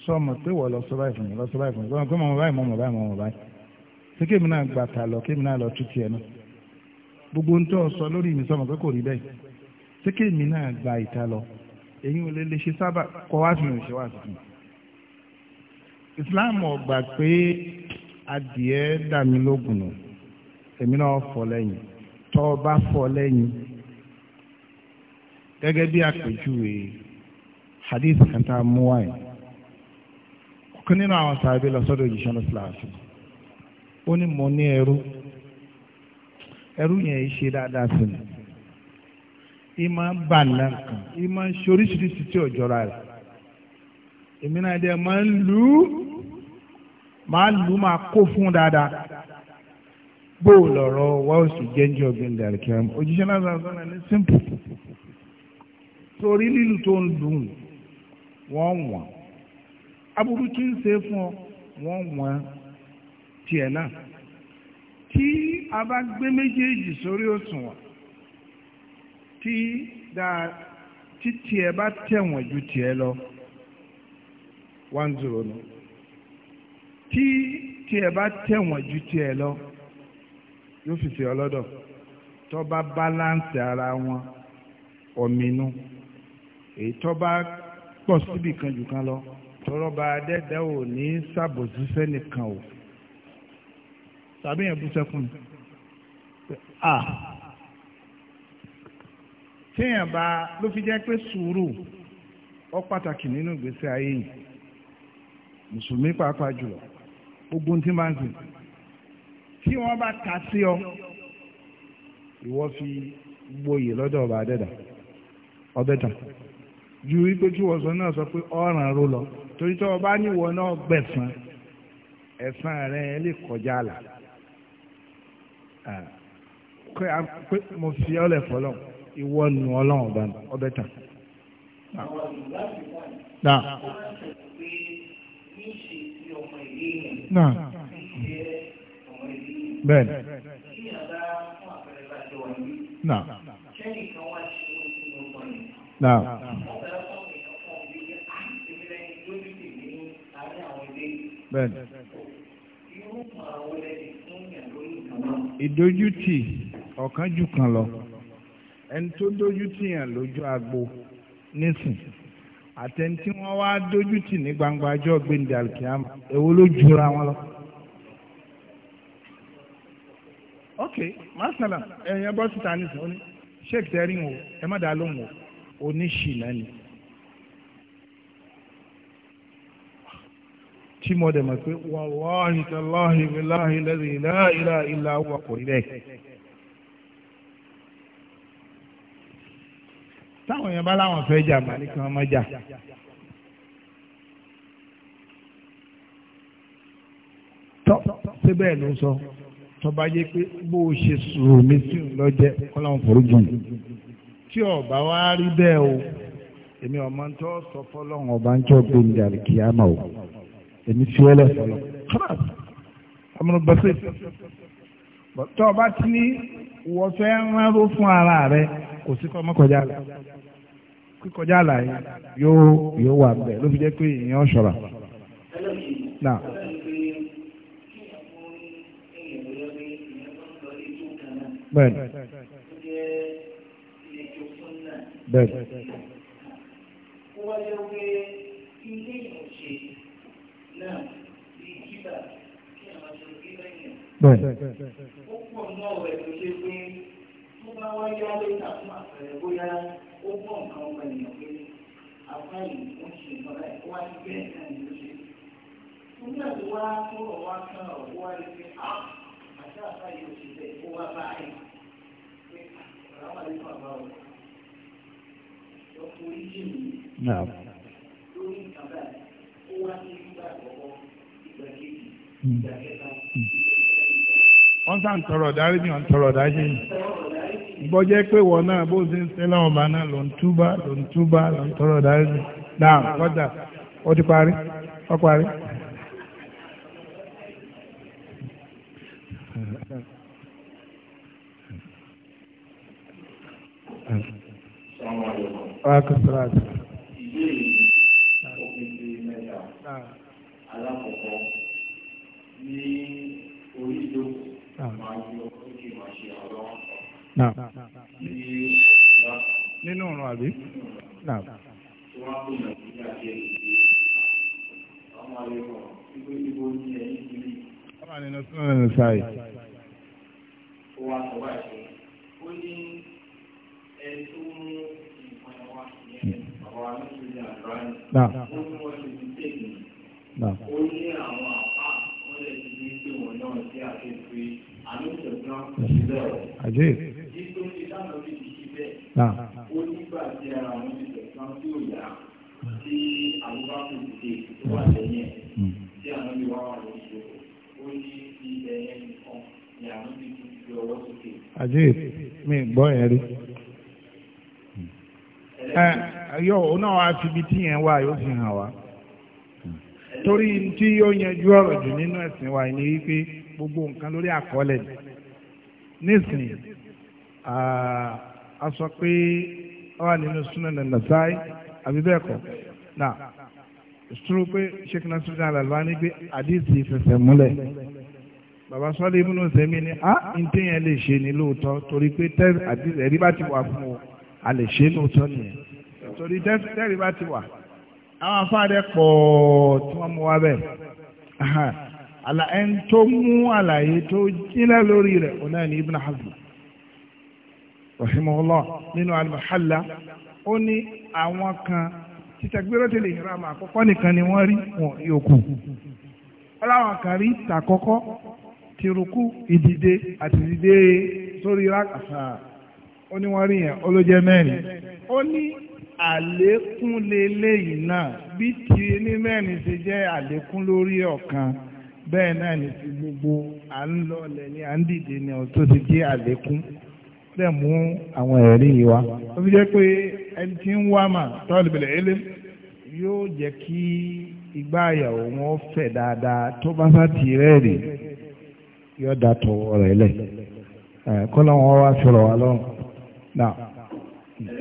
sọ ma pé wọ́n lọ sọ báyìí fún mi lọ sọ báyìí fún mi gbọ́dọ̀ pé mọ̀mọ́ báyìí mọ̀mọ́ báyìí mọ̀mọ́ báyìí ṣé kémi náà gbà tà lọ kémi náà lọ tú tiẹ̀ náà gbogbo ń tọ́ sọ lórí mi sọ ma pé kò rí bẹ́ẹ̀ ṣé kémi náà gbà ìta lọ èyí ò lè lè ṣe sábà kọ́ wá sí mi ò ṣe wá sí mi. Islam ọgbà pé adìẹ dà mí lógun nù èmi náà fọ́ lẹ́yìn tọ́ ọ bá fọ́ lẹ́yìn gẹ́gẹ́ bí àpèjúwe hadith kanta tá a mú wáyé ọ̀kan nínú àwọn sàábé lọ sọ́dọ̀ òjíṣẹ́ náà síláàsì ó ní mo ní ẹrú ẹrú yẹn ṣe dáadáa sí mi ìmọ̀ ń bà ńlá nǹkan ìmọ̀ ń ṣe oríṣiríṣi tí òjọra rẹ̀ èmi náà dẹ̀ máa ń lù ú máa lù ú máa kó fún dáadáa bó o lọ̀rọ̀ wá oṣù jẹ́njẹ́ ọ̀gbìn dàrí kí òjíṣẹ́ náà sọ̀rọ̀ ní simple torí lílù tó ń lù ú wọ́n wọ̀n aburú tí ń ṣe fún ọ wọ́n wọ̀n tiẹ̀ náà tí a bá gbé méjèèjì sórí òṣùwọ̀n tí dáa tí tiẹ̀ bá tẹ̀wọ̀n ju tiẹ̀ lọ one zero nù tí tiẹ̀ bá tẹ̀wọ̀n ju tiẹ̀ lọ yóò fi ọlọ́dọ̀ tó balance ara wọn ọ̀mìnú èyí tó pọ̀ síbi kan jù kan lọ tọrọba adẹ́dá ò ní sàbòsí sẹ́nìkan o tàbí yẹn bú sẹ́kùn a téèyàn bá ló fi jẹ́ pé sùúrù ó pàtàkì nínú ìgbésí ayé yìí mùsùlùmí pàápàá jùlọ ogun tí máa ń sìn tí wọ́n bá ta sí ọ ìwọ fi gboyè lọ́dọ̀ ọba adẹ́dá ọbẹ̀ tán ju wípé kí wọ́n sọ náà sọ pé ọ̀ràn ro lọ torí tó o bá níwọ náà gbẹ̀sán ẹ̀sán rẹ̀ lè kọjá là ah, pé mo fi ọ́ lẹ̀ fọlọ́ ìwọ nu ọlọ́run ọba ọbẹ̀ tán. Náà. Ah. Náà. Bẹ́ẹ̀ni. Náà. Náà. bẹ́ẹ̀ni. ìdójútì ọ̀kan jù kan lọ ẹni tó dójútì yàn lójú agbo nísìn àtẹni tí wọ́n wá dójútì ní gbangba ọjọ́ gbẹ̀ndẹ̀ alikiyama èwo ló jura wọn lọ. ok masala ẹ̀yin ẹ bọ́ síta nísìnyí ó ní sheik tẹ́rìn o ẹ má dàá lóhùn o oníṣìí náà ni. tí mo dẹ̀ mọ̀ pé wàláhì tàláhì bíláhì lẹ́dí ìlàhìlà ìlà wà kò rí bẹ́ẹ̀. táwọn èèyàn bá láwọn fẹ́ jà màá ní kí wọ́n má jà. tọ́ ṣé bẹ́ẹ̀ ló sọ tọba yé pé bó o ṣe sùúrù mi sí òun lọ́jẹ́ kọ́láwọn foríjì ni tí ọba wa rí bẹ́ẹ̀ o èmi ọmọ tó sọ fọlọ́run ọba ń jọ gbé ní àríkìá mà o èmi fi wọ́lẹ̀ fọlọ́ amúnubẹ́sẹ̀ tó o bá ti ní wọ́n fẹ́ ránró fún ara rẹ kò sí kọ́ mọ́kànjá rẹ kíkọjá àlàyé yóò yóò wà bẹ́ẹ̀ ló fi jẹ́ pé èèyàn ṣọ̀ra. Nà. Bẹ́ẹ̀ni. Bẹ́ẹ̀ni náà ó pọ̀ náà rẹ̀ tó ṣe pé tó bá wá yá lẹ́tà àpẹẹrẹ bóyá ó pọ̀ nǹkan ọmọ ènìyàn pé àfáàyè ó ṣe ìmọ̀lá ẹ̀kọ́ wá sí bẹ́ẹ̀ náà ni ó ṣe. tó bí àti wá tó rọ̀ wá kán ọ̀rọ̀ wá rí pé á àti àfáàyè ó ṣe bẹ́ẹ̀ kó wá bá ẹ̀ pé àwọn àlejò àbá ọ̀rọ̀ lọ́kùnrin jì mí lórí ìkàbá ẹ̀. wọ́n sá ń tọrọ dárí ni wọ́n tọrọ dárí ni bọ́jẹ́ pé wọ́n náà bó ṣe ń sẹ́lá ọba náà ló ń túbá ló ń túbá ló ń tọrọ ni náà kọjá ó ti parí ó parí. alákọ̀ọ́kọ́ ní orí ìjókòó ah. yọ ojú máa ṣe ọ̀rọ̀ nínú ọ̀run àbí. tí wọ́n kó nàìjíríà jẹ́ ìdílé ọmọ ayé kan ibo ní ẹ̀yìn ìdílé. ọmọ àníyàn sọ́nà ní sáyé. mi gbọ́ yẹn rí. ẹ yọ òun náà tí yẹn wà yóò fi hàn wá. torí tí ó yanjú ọ̀rọ̀ jù nínú ẹ̀sìn wa ni wípé gbogbo nǹkan lórí àkọọ́lẹ̀ nísìnyí a sọ pé wà nínú Sunan àbí bẹ́ẹ̀ kọ́ bàbá sọ́lé ibùnú sẹ́mi ni a ah, ń téèyàn lè ṣe ni lóòótọ́ torí pé ẹ̀rí bá ti wà fún o a lè ṣe lóòótọ́ nìyẹn torí tẹ́rí bá ti wà àwọn afáàdẹ pọ̀ tí wọ́n mú wa bẹ́ẹ̀ ẹn tó mú àlàyé tó jìnlẹ̀ lórí rẹ̀ ọ̀nà ní Ibn Hazm rahimahullah nínú al ó ní àwọn kan títàgbéròtìlè ìhìrámà àkọ́kọ́ nìkan ni wọ́n rí wọn yòókù ọláwọn kan rí tàkọ́kọ́ ti rukú ìdìde àti ìdìde sórí rákàtà ó yẹn ó mẹ́rin ó ní àlékún leléyìí náà bí ti ní mẹ́rin ṣe jẹ́ àlékún lórí gbogbo à ń lọlẹ̀ ní à ń dìde ní ọ̀tún ti jẹ́ àlékún lè mú àwọn ẹ̀rí yìí wá ó fi jẹ́ pé ẹni tí ń wá mà tọ́lùbìlẹ̀ ẹlẹ́m yóò jẹ́ kí ìgbà wọn fẹ̀ dáadáa yóò dá tọwọ́ rẹ̀ lẹ̀ kọ́lá wọn wá sọ̀rọ̀ wa lọ́rùn ẹni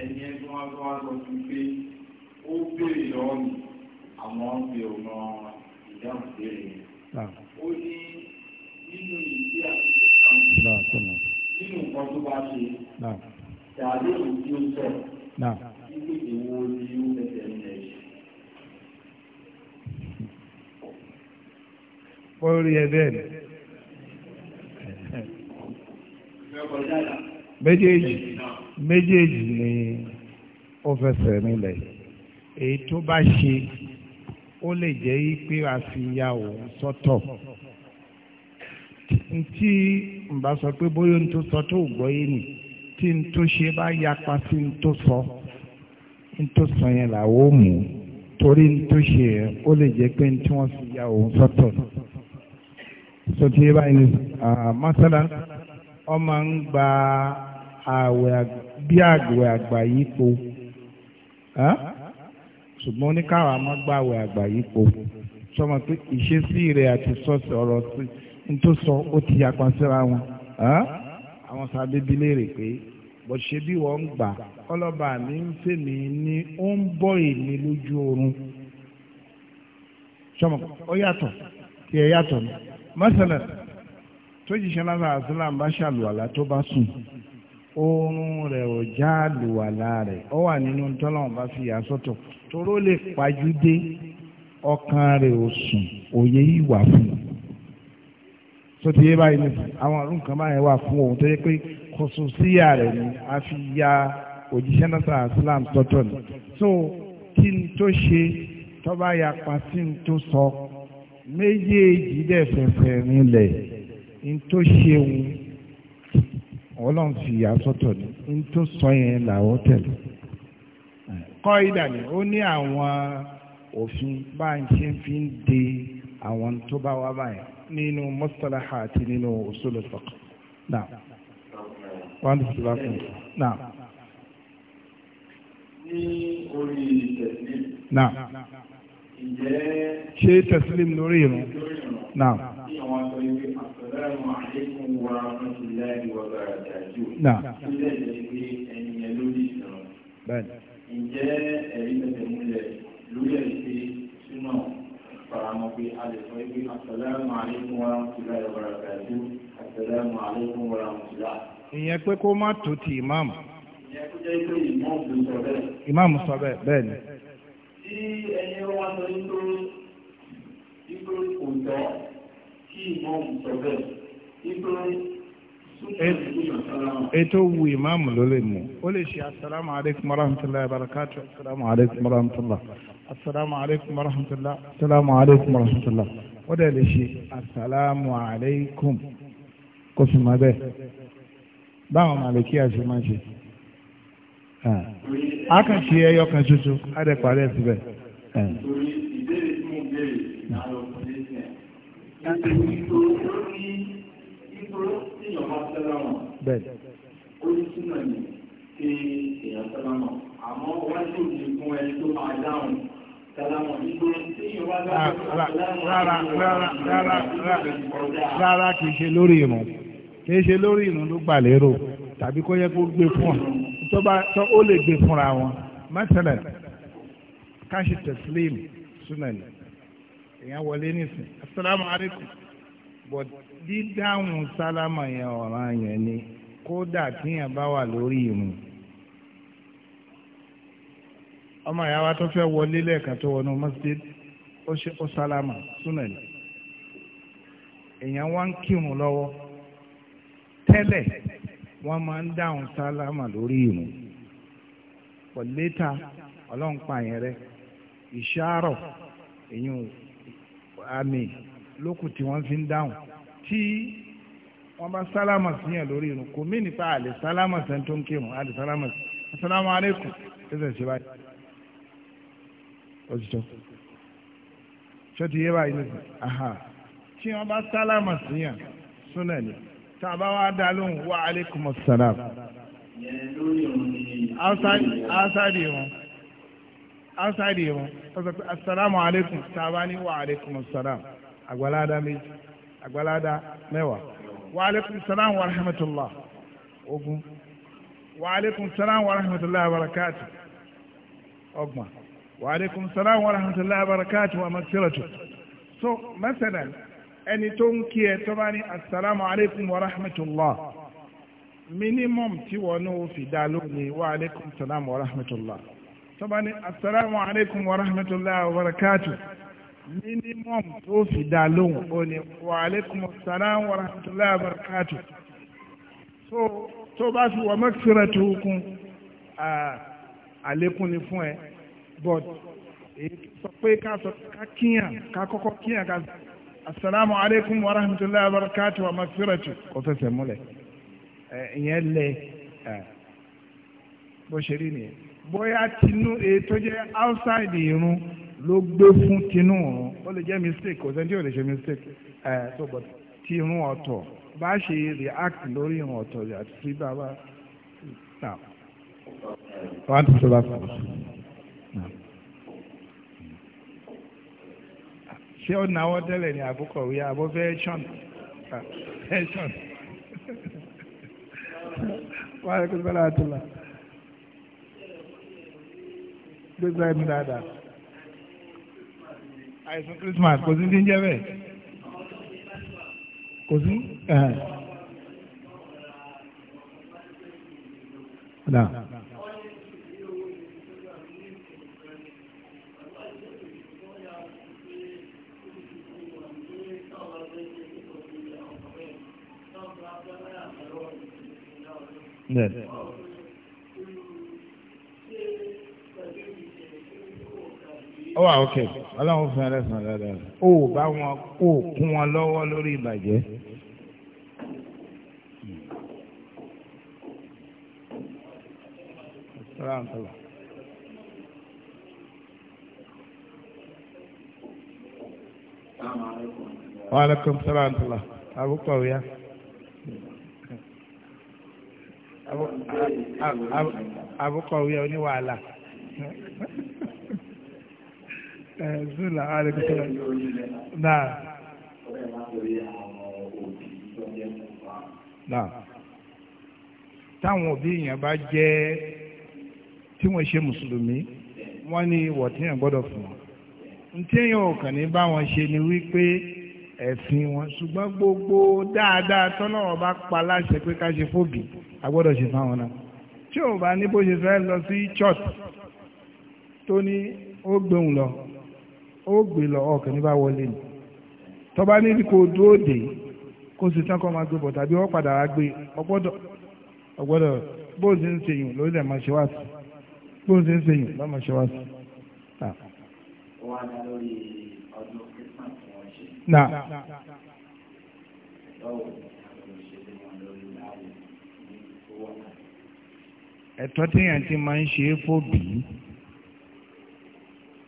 ẹgbẹ́ wọn tó wá sọ fún pé ó béèrè lọ́wọ́ mi àwọn ń bẹ ọ̀nà ìdáhùn béèrè yẹn. ó ní nínú ìdí àti nínú nǹkan tó bá ṣe tàbí òun tí ó sọ nígbèdè wo ni ó fẹsẹ̀ ń lẹ̀. wọ́n rí ẹ bẹ́ẹ̀ ni. méjèèjì méjèèjì ni ó fẹsẹ̀ nílẹ̀ èyí tó bá ṣe ó lè jẹ́ pé a fi ya òun sọ́tọ̀ tí n bá sọ pé bóyá n tó sọ tó gbọ́ yé nì tí n tó ṣe bá yapa sí n tó sọ n sọ yẹn làwọn ò mú torí n ṣe ó lè jẹ́ pé n wọ́n fi ya òun sọ́tọ̀ sọtí ẹ báyìí ní masala ọmọ ń gba àwẹ̀ bí àgbẹ̀ àgbà yìí po ṣùgbọ́n oníkàwé amágbàwẹ̀ àgbà yìí po sọmọ pé ìṣesí rẹ̀ àti sọ́ọ̀sì ọ̀rọ̀ sí ní tó sọ ó ti yapa síra wọn àwọn sábẹ́bí léèrè pé bó ṣe bí wọ́n ń gbà kọ́lọ́ba mi ń fèmí ni ó ń bọ́ èmi lójú oorun sọmọ ó yàtọ̀ tí ẹ yàtọ̀ ni mọ́sálẹ̀ tó jíṣẹ́ lára àṣìlá bá ṣàlùwàlá tó bá sùn oorun rẹ̀ ò já àlùwàlá rẹ̀ ó wà nínú tọ́lọ́run bá fi yà sọ́tọ̀ toró lè pajúdé ọkàn rẹ̀ ò sùn òye yìí fún un yé báyìí nìkan àwọn àrùn kan báyìí wà fún òun tó yẹ pé kòsòsíyà rẹ̀ ni a fi ya òjíṣẹ́ náà sáà islam sọ́tọ̀ ni so kí n tó ṣe tó bá yapa sí n tó sọ méjèèjì dẹ̀ fẹ̀fẹ̀ rinlẹ̀ n tó ṣeun ọlọ́run fi àsọ̀tọ̀ ni n tó sọ yẹn làwọ̀ tẹ̀lé kọ́ ìdàlẹ̀ ó ní àwọn òfin bá ń ṣe fi ń de àwọn tó bá wá báyìí nínú mustalaha àti nínú usul al-fiqh náà wọ́n ti bá fún un náà. ní orí ìtẹ̀sí. náà ṣe tẹ̀sílìm lórí ìrun náà. náà. bẹ́ẹ̀ni. ǹjẹ́ ẹ̀rí tẹ̀sẹ̀ múlẹ̀ lórí ẹ̀rí pé súnà faramọ́ pé a lè sọ pé asàlámù alaykum wa rahmatullahi wa barakatuh asàlámù alaykum wa rahmatullahi. ìyẹn pé kó má tó ti ìmáàmù. ìyẹn kó jẹ́ pé ìmáàmù sọ bẹ́ẹ̀. ìmáàmù sọ bẹ́ẹ̀ bẹ́ẹ̀ ni tí ẹni wọn sọ nígbó nígbó kò tọ́ kí ìmọ̀ sọ bẹ́ẹ̀ nígbó ètò wu ìmáàmù ló lè mú ó lè ṣe asalaamu aleykum warahmatullahi wabarakatuh asalaamu aleykum warahmatullah asalaamu aleykum warahmatullah asalaamu aleykum warahmatullah ó dẹ̀ lè ṣe asalaamu aleykum kó fi máa bẹ́ẹ̀ báwọn màlìkí àti máa a kàn ṣe ẹyọ kan ṣoṣo a dẹ̀ parí ẹ̀ síbẹ̀. rárá kìí ṣe lórí ìrun kìí ṣe lórí ìrun ló gbà lérò tàbí kó yẹ kó gbé fún ọ tọ́ba tọ́ ó lè gbé fúnra wọn mẹ́tẹ̀lẹ̀ káṣí tẹ̀sílẹ̀m súnàlì èèyàn wọlé nísìn asalaamu alaykum but dídáhùn sálámà yẹn ọ̀ràn yẹn ni kódà tíyẹn bá wà lórí ìmú ọmọ ìyá wa tó fẹ́ wọlé lẹ́ẹ̀kan tó wọnú masjid ó ṣe ó sálámà súnàlì èèyàn wá ń kírun lọ́wọ́ tẹ́lẹ̀ wọ́n máa ń dáhùn sálámà lórí ìrun pọ̀ létà ọlọ́run pa yẹn rẹ ìṣàárọ̀ èyàn àmì lókù tí wọ́n fi ń dáhùn tí wọ́n bá sálámà sí yẹn lórí ìrun kò mí nípa àlè sálámà sẹ́ni tó ń kírun àlè sálámà sí asalaamu aleykum ẹsẹ̀ ṣe báyìí òtítọ́ ṣọ́ọ̀tì yé báyìí nìkan aha tí wọ́n bá sálámà sí yẹn súnà ni tàbá wa dá lóhùn wa aleykum salam. outside irun outside irun ọsọ pé asalaamu aleykum tàbá ní wa aleykum salam àgbàládá méjì àgbàládá mẹ́wàá wa aleykum salam wa rahmatulah ogun wa aleykum salam wa rahmatulah barakati ọgbọ̀n wa aleykum salam wa rahmatulah barakati wa maksiratu so masalan ẹni tó ń kí ẹ tó bá ní assalamu alaikum wa rahmatullah minimum tí wọn náà fi dá lónìí wa alaikum salam wa rahmatullah tó bá ní assalamu alaikum wa rahmatullah wa barakatuh minimum tó fi dá lóhùn ó ní wa alaikum salam wa rahmatullah wa barakatuh so tó bá fi wà maghfiratu kún àlékún ni fún ẹ but èyí sọ pé ká sọ ká kíyàn ká kọ́kọ́ kíyàn ká sọ asalaamu aleykum wa rahmatulahi wa barakatu wa mafiratu kò fẹsẹ̀ múlẹ̀ ìyẹn lẹ bó ṣe rí nìyẹn bóyá tinú ètò jẹ́ outside irun ló gbé fún tinú òun ó lè jẹ́ mistake kò sẹ́ni tí ò lè ṣe mistake so but ti irun ọ̀tọ̀ bá ṣe react lórí irun ọ̀tọ̀ àti sí bàbá náà. wọ́n á tún sọ bá fún un. ṣé ó náwó tẹ́lẹ̀ ní àbúkọ̀wé àbúfẹ́ ṣọ́n ẹ ṣọ́n wàhálà kò sọ́lá àtúlà gbèsè ẹ̀mí dáadáa àìsàn Christmas kò sí ní jẹ́ bẹ́ẹ̀ kò sí. Nah. bẹ́ẹ̀. ó wà ókè ọlọ́run fún ẹlẹ́sìn dáadáa ó bá wọn ó kún wọn lọ́wọ́ lórí ìbàjẹ́. rántọ́lá. wàhálà kọ́mùsọ̀rọ̀ rántọ́lá àbúkọ̀ wíyá. àbúkọ̀wé oníwàhálà zula alekutula náà. náà táwọn òbí yẹn bá jẹ́ tí wọ́n ṣe mùsùlùmí wọ́n ní ìwọ̀ tí yẹn gbọ́dọ̀ fún wọn. ntí yẹn ò kàn ní bá wọn ṣe ni wípé ẹ̀sìn wọn ṣùgbọ́n gbogbo dáadáa tọ́lọ́wọ́ bá pa láṣẹ pé ká ṣe fóbi agbọ́dọ̀ ṣe fáwọn náà tí ò bá ní bó ṣe fẹ́ lọ sí church tó ní ó gbóhùn lọ ó gbé lọ ọkàn ní bá wọlé ni tọba níbi kò dúró dé kó sì tán kọ́ máa gbé bọ̀ tàbí wọ́n padà wá gbé ọgbọ́dọ̀ ọgbọ́dọ̀ bó ṣe ń ẹ̀tọ́ téèyàn ti máa ń ṣe é fòbí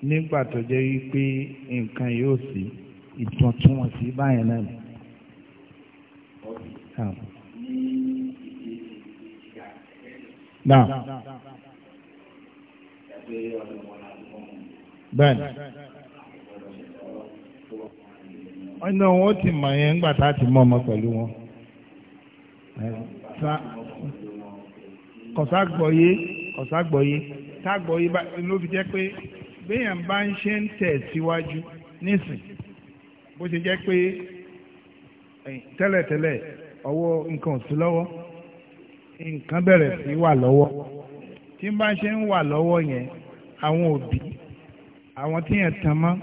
nígbà tó jẹ́ wípé nǹkan yóò sí ìtọ̀túnwọ̀sí báyẹn náà ni. Now. Bẹ́ẹ̀ni. Ọ̀nà wọn ti mọ̀ yẹn ńgbà tá a ti mọ̀ ọmọ pẹ̀lú wọn kọ̀ságbọ̀yé kọ̀ságbọ̀yé tágbọ̀yé ló fi jẹ́ pé béèyàn bá ń ṣe ń tẹ̀ síwájú nísìn bó ṣe jẹ́ pé tẹ́lẹ̀tẹ́lẹ̀ ọwọ́ nǹkan ò sí lọ́wọ́ nǹkan bẹ̀rẹ̀ sí wà lọ́wọ́ tí n bá ṣe ń wà lọ́wọ́ yẹn àwọn òbí àwọn tí yẹn tan mọ́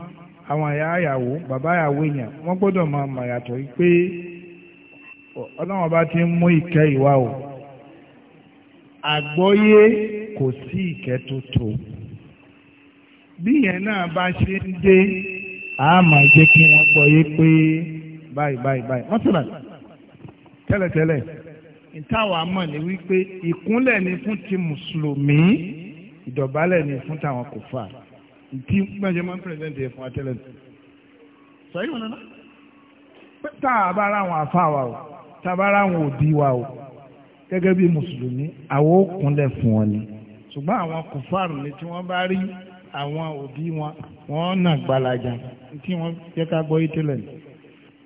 àwọn àyà àyàwó bàbá àyàwó èèyàn wọ́n gbọ́dọ̀ máa mọ̀ yàtọ̀ pé ọlọ́run bá ti ń mú ìkẹ́ ìwà o àgbọ́yé kò sí ìkẹ́tótó bí yẹn náà bá ṣe ń dé a máa jẹ́ kí wọ́n gbọ́yé pé báyìí báyìí báyìí wọ́n tẹ̀lé tẹ́lẹ̀tẹ́lẹ̀ ìtawà mọ̀ ní wípé ìkúnlẹ̀ ni fún ti mùsùlùmí ìdọ̀bálẹ̀ ni fún tàwọn kò fà tí gbọ́njẹ́ máa ń pẹ̀lẹ́ntì ẹ̀ fún wa tẹ́lẹ̀ sọ yìí wọn náà tá a bá ra àwọn àfa wa o tá a bá ra àwọn òbí wa o gẹ́gẹ́ bí mùsùlùmí àwọn òkúnlẹ̀ fún wọn ni ṣùgbọ́n àwọn kùfàrù ni tí wọ́n bá rí àwọn òbí wọn wọ́n nà gbalaja tí wọ́n jẹ́ ká gbọ́ yé tẹ́lẹ̀ ní.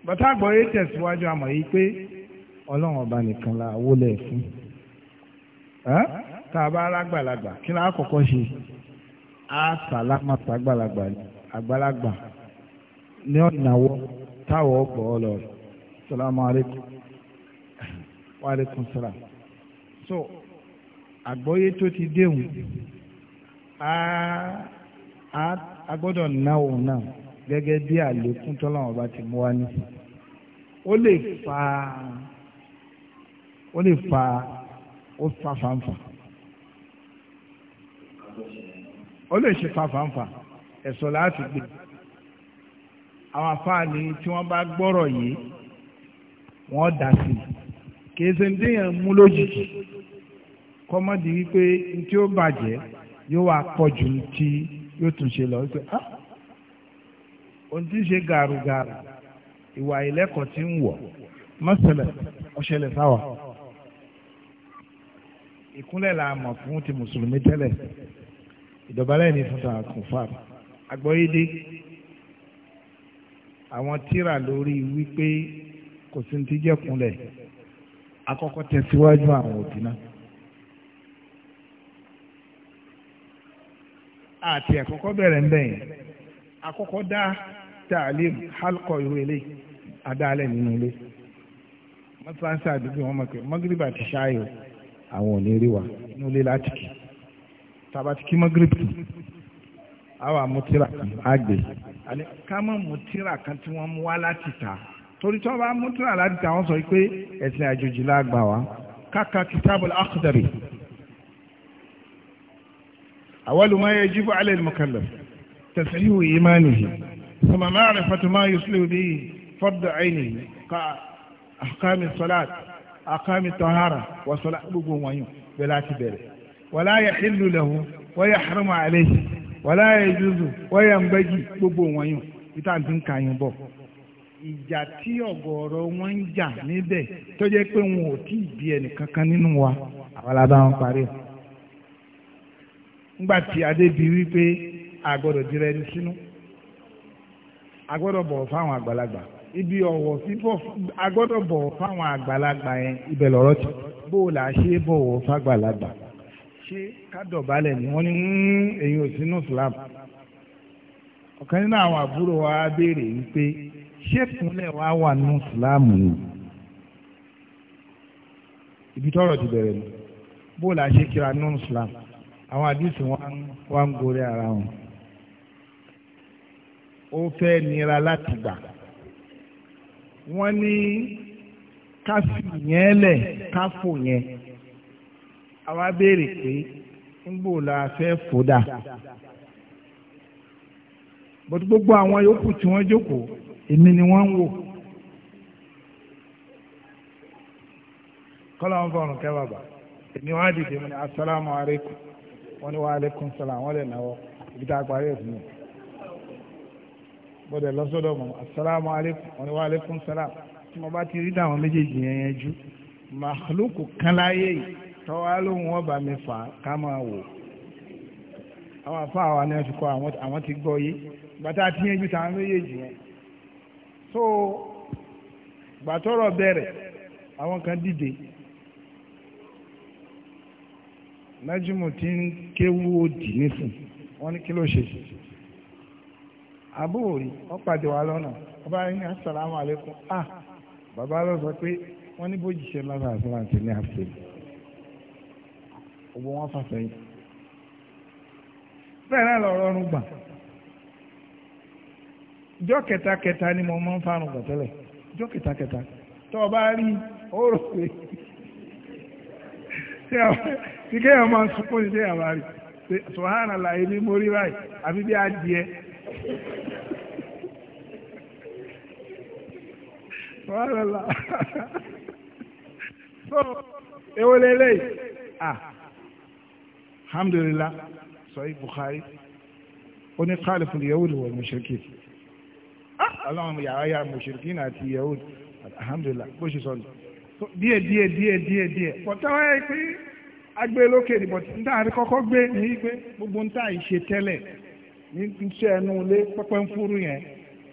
bàtà gbọ́ yé tẹ̀síwájú àmọ̀ yìí pé ọlọ́run ọba nìkan la wọlé fún tá a bá alágbàlagbà kí ló àkọ́kọ́ ṣe á sàlámàtà àgbàlagbà àgbàlagbà ní ọ̀nàwọ́ táwọ̀ ọ̀pọ̀ ọlọ́run salamu alaykum wa aleykum so àgbọ́yé tó ti déhùn a a a gbọ́dọ̀ ná òun náà gẹ́gẹ́ bí àlékún tọ́lọ́wọ́n bá ti mú wá ní ó lè fa ó lè fa ó fa fanfa ó lè ṣe fa fanfa ẹ̀sọ́ láti gbé àwọn afáàní tí wọ́n bá gbọ́rọ̀ yìí wọ́n dá sí i kìí ṣe ń díyàn mú lójijì kọ́mọ́dì wípé tí ó bàjẹ́ yóò wá pọ̀ jù tí yóò tún ṣe lọ wípé ah! ohun tí ń ṣe gàrúgàrú ìwà ìlẹ́kọ̀ọ́ tí ń wọ̀ mọ́sẹ̀lẹ̀ ọ̀ṣẹ̀lẹ̀ sáwà ìkúnlẹ̀ la mọ̀ fún ti mùsùlùmí tẹ́lẹ̀ ìdọ̀bálẹ̀ ní fúnta kùfà agbọ́yédé àwọn tíra lórí wípé kò sí ti jẹ́kúnlẹ̀ akọ́kọ́ tẹ̀síwájú àwọn òbí náà. àti àkọ́kọ́ bẹ̀rẹ̀ ńbẹ̀ yẹn àkọ́kọ́ dá taalim halkọ ìwé ilé adálẹ̀ nínú ilé mọ́sánsá àdúgbò wọn mọ̀kẹ́ mọ́gírìbà ti ṣáàyò àwọn ò ní rí wa inú ilé láti kì tàbátí kí mọ́gírìbì tù àwọn àmútírà kan àgbè ká mọ̀ mútírà kan tí wọ́n mú wá láti ta torí tí wọ́n bá mú tíra láti tàwọn sọ pé ẹ̀sìn àjòjì lágbà wá káka kitabul akhdari awwalu ma yajibu ala al-mukallaf tasihihu imanihi thumma ma'rifatu ma yuslihu bihi fardu aynihi ka ahkami salat ahkami tahara wa salat gbogbo wọ̀nyí bẹ́ẹ̀ láti bẹ̀rẹ̀ wala yahillu lahu wa yahramu alayhi wala yajuzu wa yanbaghi gbogbo wọ̀nyí ìtàn tí ń kàyìn bọ̀. ìjà tí ọgọrọ wọn ń jà níbẹ̀ tó jẹ́ pé wọn ò tí ì ẹnì kankan nínú wa àwọn alábá wọn parí ẹ̀. ńgbà tí adé bi wípé a gbọ́dọ̀ dira ẹni sínú a ibi ọ̀wọ̀ fáwọn àgbàlagbà yẹn ibẹ̀ bó fàgbàlagbà ṣé ni wọ́n ní ẹ̀yin hmm, ò sínú ṣé kúnlẹ̀ wá wà nù ìsìláàmù ni ibi tọrọ ti bẹ̀rẹ̀ ni bó la ṣe kíra nù ìsìláàmù àwọn àdìsí wa ń gorí ara wọn ó fẹ́ nira láti gbà wọ́n ní ká fi yẹn lẹ̀ ká fò yẹn àwa béèrè pé ńgbò la fẹ́ fò dà bọ́tú gbogbo àwọn yòókù tí wọ́n jókòó èmi ni wọ́n ń wò kọ́lá wọn fọ̀rùn kẹ́ bàbá èmi wọ́n á dìde mi ní asalaamu aleykum wọ́n ní wa aleykum salaam wọ́n lè náwó ibi tá a parí ẹ̀ fún mi gbọ́dọ̀ lọ́sọ́dọ̀ mọ́ asalaamu aleykum wọ́n ní wa aleykum salaam tí mo bá ti rí dáhùn méjèèjì yẹn yẹn jú màálùkù kan láyé tọ́wá lóhun wọ́n bá mi fà ká máa wò àwọn afáwa ni wọ́n ti kọ́ àwọn ti gbọ́ yé bàtà tí yẹn méjèèjì yẹn so gbàtọ́rọ̀ bẹ̀rẹ̀ àwọn kan dìde nájúmù tí ń kéwú òdì nísìn wọ́n ní kí ló ṣe àbúrò pàdé wa lọ́nà ọba asàlámù àlékún bàbá lọ ah, sọ pé wọ́n ní bójì ṣe lọ́nà jọ kẹtakẹta ni mo máa ń farun gbà tẹ́lẹ̀ jọ kẹtakẹta tó o bá rí o rò pé tí kéèyàn máa sunkún ní kéèyàn bá rí sùhánà láyé ní mo rí báyìí àbí bí adìẹ sùhánà láyé so ewo lele ah alhamdulillah sahih bukhari oni khalifu yahudi wal mushrikin ọlọ́run yàrá mùsùlùmí àti yahud alhamdulilah bó ṣe sọnù díẹ̀ díẹ̀ díẹ̀ díẹ̀ díẹ̀ pọ̀tẹ́wọ́ ẹ pé agbé lókè ní bọ̀tí àti kọ́kọ́ gbé ní gbogbo níta ìṣe tẹ́lẹ̀ ní iṣẹ́ ẹnu ilé pẹ́pẹ́ ń fúru yẹn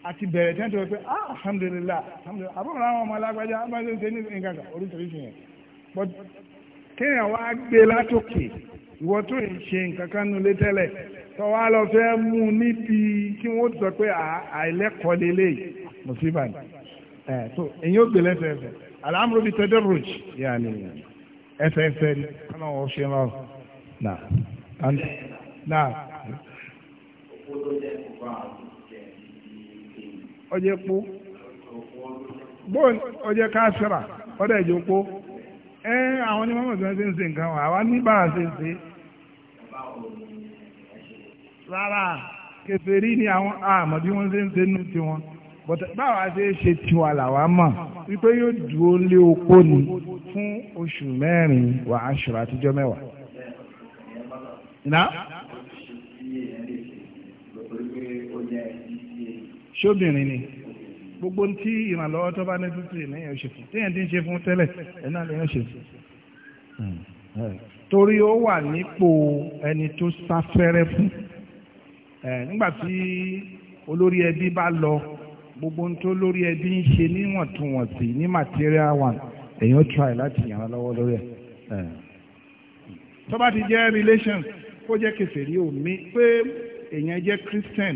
àti bẹ̀rẹ̀ tí pé ah, àwọn ọmọ alágbájá abájọ́ ń ṣe ní nǹkan kan kéèyàn wá gbé látòkè ìwọ tó ṣe nǹkan kan nulẹ̀ tẹ́lẹ̀ tọ́wọ́ lọ fẹ́ mú níbi kí wọ́n sọ pé àìlẹ́kọ̀ọ́ lélẹ̀ mùsíbà ẹ̀ tó èyí ó gbé lẹ́sẹ̀ẹsẹ̀ alámúrò bíi tẹ́tẹ́ ni wọ́n ṣe lọ ọjẹ́ ẹ àwọn ní mọ́mọ́ tí wọ́n ti ń ṣe nǹkan wọn àwa ní bára ṣe ń ṣe rárá kèfèrí ni àwọn àmọ́ bí wọ́n se ń ṣe nù tiwọn bọ̀tẹ̀ báwa ṣe é ṣe tiwa làwa mọ̀ wípé yóò dúró lé opó ni fún oṣù mẹ́rin wà á àtijọ́ mẹ́wàá. ṣóbìnrin ni gbogbo tí ìrànlọ́wọ́ tó bá ní tuntun yìí lẹ́yìn fún téèyàn ti ṣe fún tẹ́lẹ̀ ẹ̀ náà lẹ́yìn ọ̀ṣẹ̀ fún. Hmm, torí ó wà nípò ẹni tó sáfẹ́rẹ́ fún nígbà tí olórí ẹbí bá lọ gbogbo tó lórí ẹbí ń ṣe níwọ̀ntúnwọ̀nsì ní material one èèyàn try láti yàrá lọ́wọ́ lórí ẹ̀. tó bá ti jẹ́ relations kó jẹ́ kèfèrí omi pé èèyàn jẹ́ Christian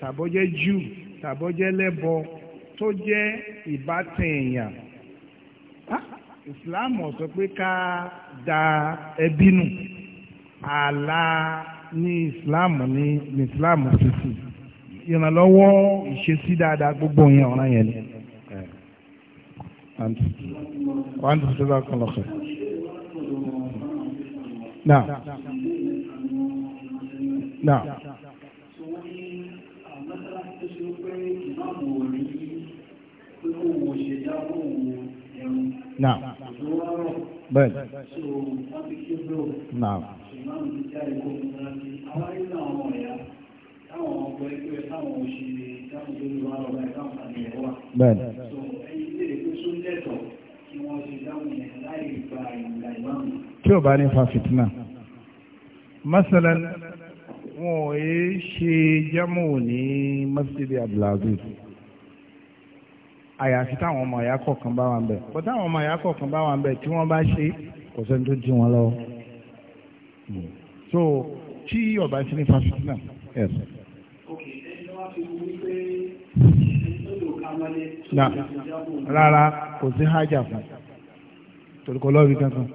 tàbọ́ Jew tàbọ́ lẹ́bọ̀ọ́ tó jẹ́ ìbátan èèyàn Islam ò sọ pé ká da ẹbí nù ààlà ní Islam ní Islam sísì ìrànlọ́wọ́ ìṣesí dáadáa gbogbo yẹn ọ̀ràn yẹn ni. وأنت جزاكم الله خير نعم نعم náà bẹ́ẹ̀ náà. bẹ́ẹ̀ tí ò bá ní fa fìtínà masalan wọn ò yé ṣe jámù ní masjid abdulaziz àyàfi táwọn ọmọ àyà kọ̀ọ̀kan bá wà ń bẹ̀ bọ́ táwọn ọmọ àyà kọ̀ọ̀kan bá wà ń bẹ̀ tí wọ́n bá ṣe kò sẹ́ni tó dí wọn lọ́wọ́ so tí ọba ti ní fásitì náà ẹ̀ sọ. na rárá kò sí hajj fún torí kò lọ́ọ̀rì kankan.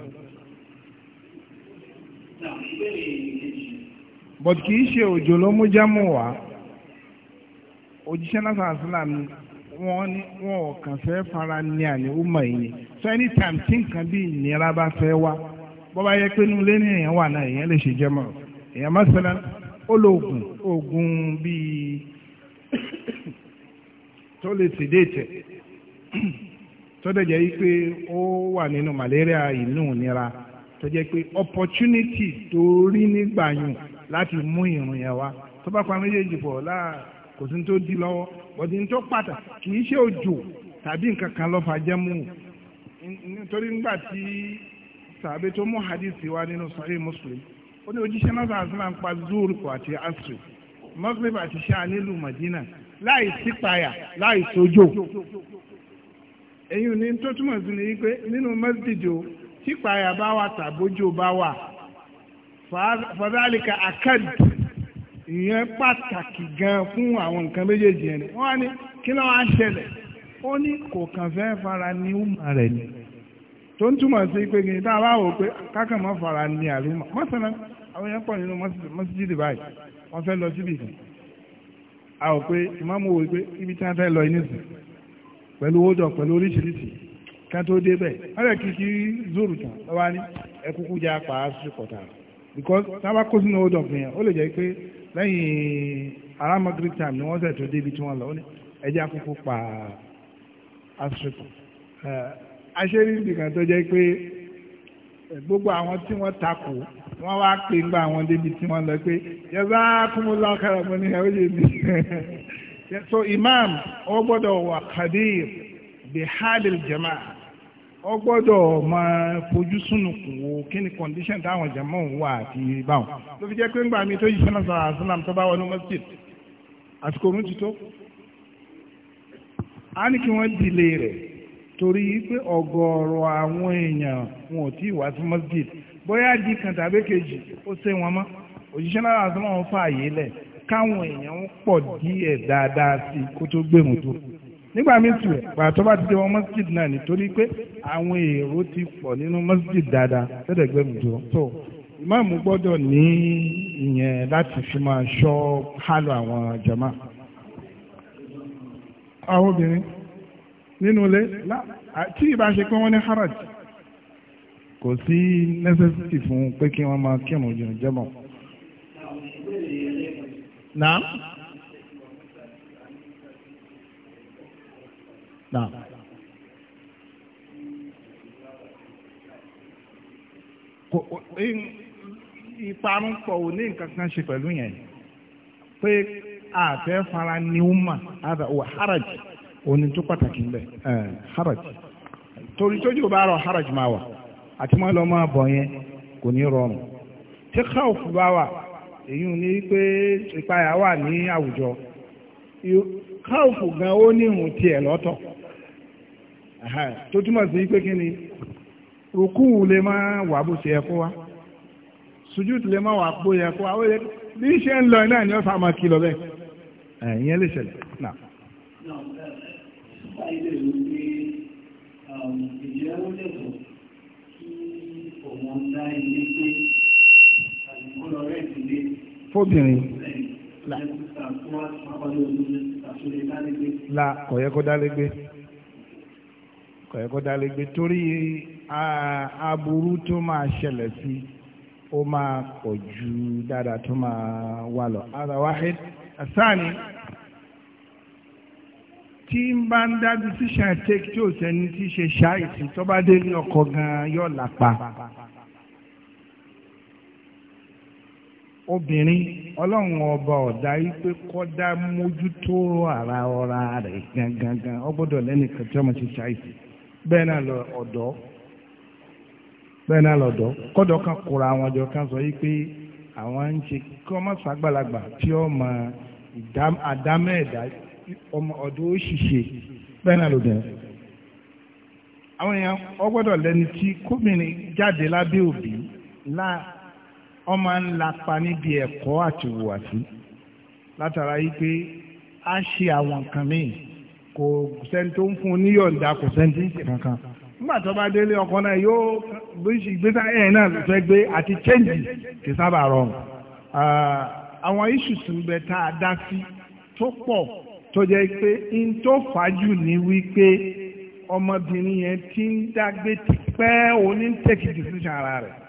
but kì í ṣe òjò ló mú jámù wá òjíṣẹ́ náà sàn sílá wọn ní wọn kàn fẹ́ fara ní àlẹ́ ọmọ yìí so anytime tí nǹkan bí ìnira bá fẹ́ wá bó pé wà náà èèyàn lè ṣe jẹmọ èèyàn mọ́sálá ó lo oògùn oògùn bíi tó lè sedate tó pé ó wà nínú malaria inú ìnira tó jẹ́ pé opportunity tó rí nígbà yùn láti mú yẹn wá tó bá pa méjèèjì kò sí tó di lọ́wọ́ bọ̀dí tó pàtà kì í ṣe òjò tàbí nǹkan kan lọ́ọ́ fàjẹ́ mú nítorí nígbà tí sàbẹ̀ tó mú hadisi wá nínú sahih muslim ó ní ojúṣe náà sàásìlà ń pa zuru àti asri maghrib àti ṣáà nílùú madina láì sípayà láì sójò èyí ni tó túmọ̀ sí ni wípé nínú mẹ́sídìdì o sípayà bá wà tàbójò bá wà fàdálìkà akad ìyẹn pàtàkì gan fún àwọn nǹkan méjèèjì yẹn wọ́n á ní kí ló wá ṣẹlẹ̀ ó ní kò kàn fara ní ùmà rẹ̀ ni tó ń túmọ̀ sí pé tá a bá wò pé kákan mọ́ fara ní àlùmọ̀ mọ́sánná àwọn yẹn pọ̀ nínú mọ́síjìdì báyìí wọ́n fẹ́ lọ síbi kan a ò pé wò pé ibi tí fẹ́ lọ pẹ̀lú pẹ̀lú oríṣiríṣi tó dé bẹ́ẹ̀ wọ́n rẹ̀ zoro tán lọ́wọ́ á sí because tábà kó sínú hold up yẹn ó lè jẹ́ pé lẹ́yìn ara magrib time ni wọ́n sẹ̀ tó débi tí wọ́n lọ ẹjẹ́ akókó pa Africa. aṣẹ́rí nìkan tó jẹ́ pé gbogbo àwọn tí wọ́n takò wọ́n wá pè ń gba àwọn débi tí wọ́n lọ pé yẹ́sà kúmúlá kára mọ́ ní ẹ̀rọ yé mi so imam ó gbọ́dọ̀ wà kadir bihadil jama'a ọ ma máa fojú súnùkùn wo kí ni condition táwọn jàmọ́ ń wà àti báwọn ló fi jẹ́ pé ńgbà mi tó yí sẹ́nà sọ̀rọ̀ àṣìlám tó bá wọnú masjid àsìkò orun ti tó a ní kí wọ́n dìlé rẹ̀ torí pé ọ̀gọ̀ọ̀rọ̀ àwọn èèyàn wọn ò tí ì wá sí masjid bóyá di kan tàbí kejì ó sé wọn mọ́ òjíṣẹ́ náà àṣìlám fààyè lẹ̀ káwọn èèyàn pọ̀ díẹ̀ dáadáa sí kó tó gbẹ̀mù tó kù nígbà míì tù ẹ̀ gbà bá ti dé wọn masjid náà nítorí pé àwọn èrò ti pọ̀ nínú masjid dáadáa tẹ́lẹ̀gbẹ́ mi jọ tó ìmáàmù gbọ́dọ̀ ní ìyẹn láti fi máa ṣọ́ hálò àwọn jama àwọn obìnrin nínú ilé tí ìbá ṣe pé wọ́n ní haraj kò sí necessity fún pé kí wọ́n máa kírun jẹun jẹ́mọ̀. Naam. náà. ìparun pọ̀ ò ní nǹkan kan ṣe pẹ̀lú yẹn pé àfẹ́ fara ni ó mà haraj òní tó pàtàkì ń bẹ̀ haraj torí tójú bá rọ haraj máa wà àti máa lọ máa bọ̀ yẹn kò ní rọrùn tí káwọ̀fù bá wà èyí ni pé ìpayà wà ní àwùjọ káàfù gan ó ní ìrùn tiẹ̀ lọ́tọ̀ tó túmọ̀ sí pé kí ni rùkú lè máa wà bó ṣe yẹ kó wá lè wà bó bí ṣe ń lọ náà ni ó fa máa kí lọ bẹ́ẹ̀ ìyẹn lè ṣẹlẹ̀ Fóbìnrin. la kò yẹ kó dálégbé kò yẹ kó dálégbé torí aburú tó máa ṣẹlẹ̀ sí ó máa pọ̀ ju dáadáa tó máa wà lọ ara tí ń bá ń dá decision take tí ò sẹ́ni tí ṣe ṣáìsì tó bá dé ní ọkọ̀ gan-an yóò lápa. obìnrin ọlọ́run ọba ọ̀dà wípé kọ́dá mójútó ara ọra rẹ̀ gangan ọgbọdọ gbọ́dọ̀ lẹ́nìkan tí ọmọ ti ṣàìsí bẹ́ẹ̀ náà lọ ọ̀dọ́ bẹ́ẹ̀ náà lọ́dọ̀ kọ́dọ̀ kan kóra àwọn ọjọ́ kan sọ wípé àwọn ń ṣe kí ọmọ sàgbàlagbà tí ọmọ àdámẹ́ẹ̀dá ọ̀dọ́ òṣìṣẹ́ bẹ́ẹ̀ náà àwọn èèyàn gbọ́dọ̀ lẹ́ni tí kóbìnrin jáde lábẹ́ wọ́n máa ń lapa níbi ẹ̀kọ́ àti ìhùwàsí látara yìí pé a ṣe àwọn nǹkan míì kò sẹ́ni tó ń fún un níyọ̀ǹda kò sẹ́ni tó ń ṣe kankan nígbà tó bá délé ọkọ náà yóò gbèsè gbèsè ẹ̀yìn náà ló fẹ́ gbé àti chẹ́ǹjì kì sábà rọrùn àwọn issues ń bẹ tá a dá sí tó pọ̀ tó jẹ́ pé n tó fàájù ní wípé ọmọbìnrin yẹn ti ń dágbé tipẹ́ onítẹ̀kì decision ara rẹ̀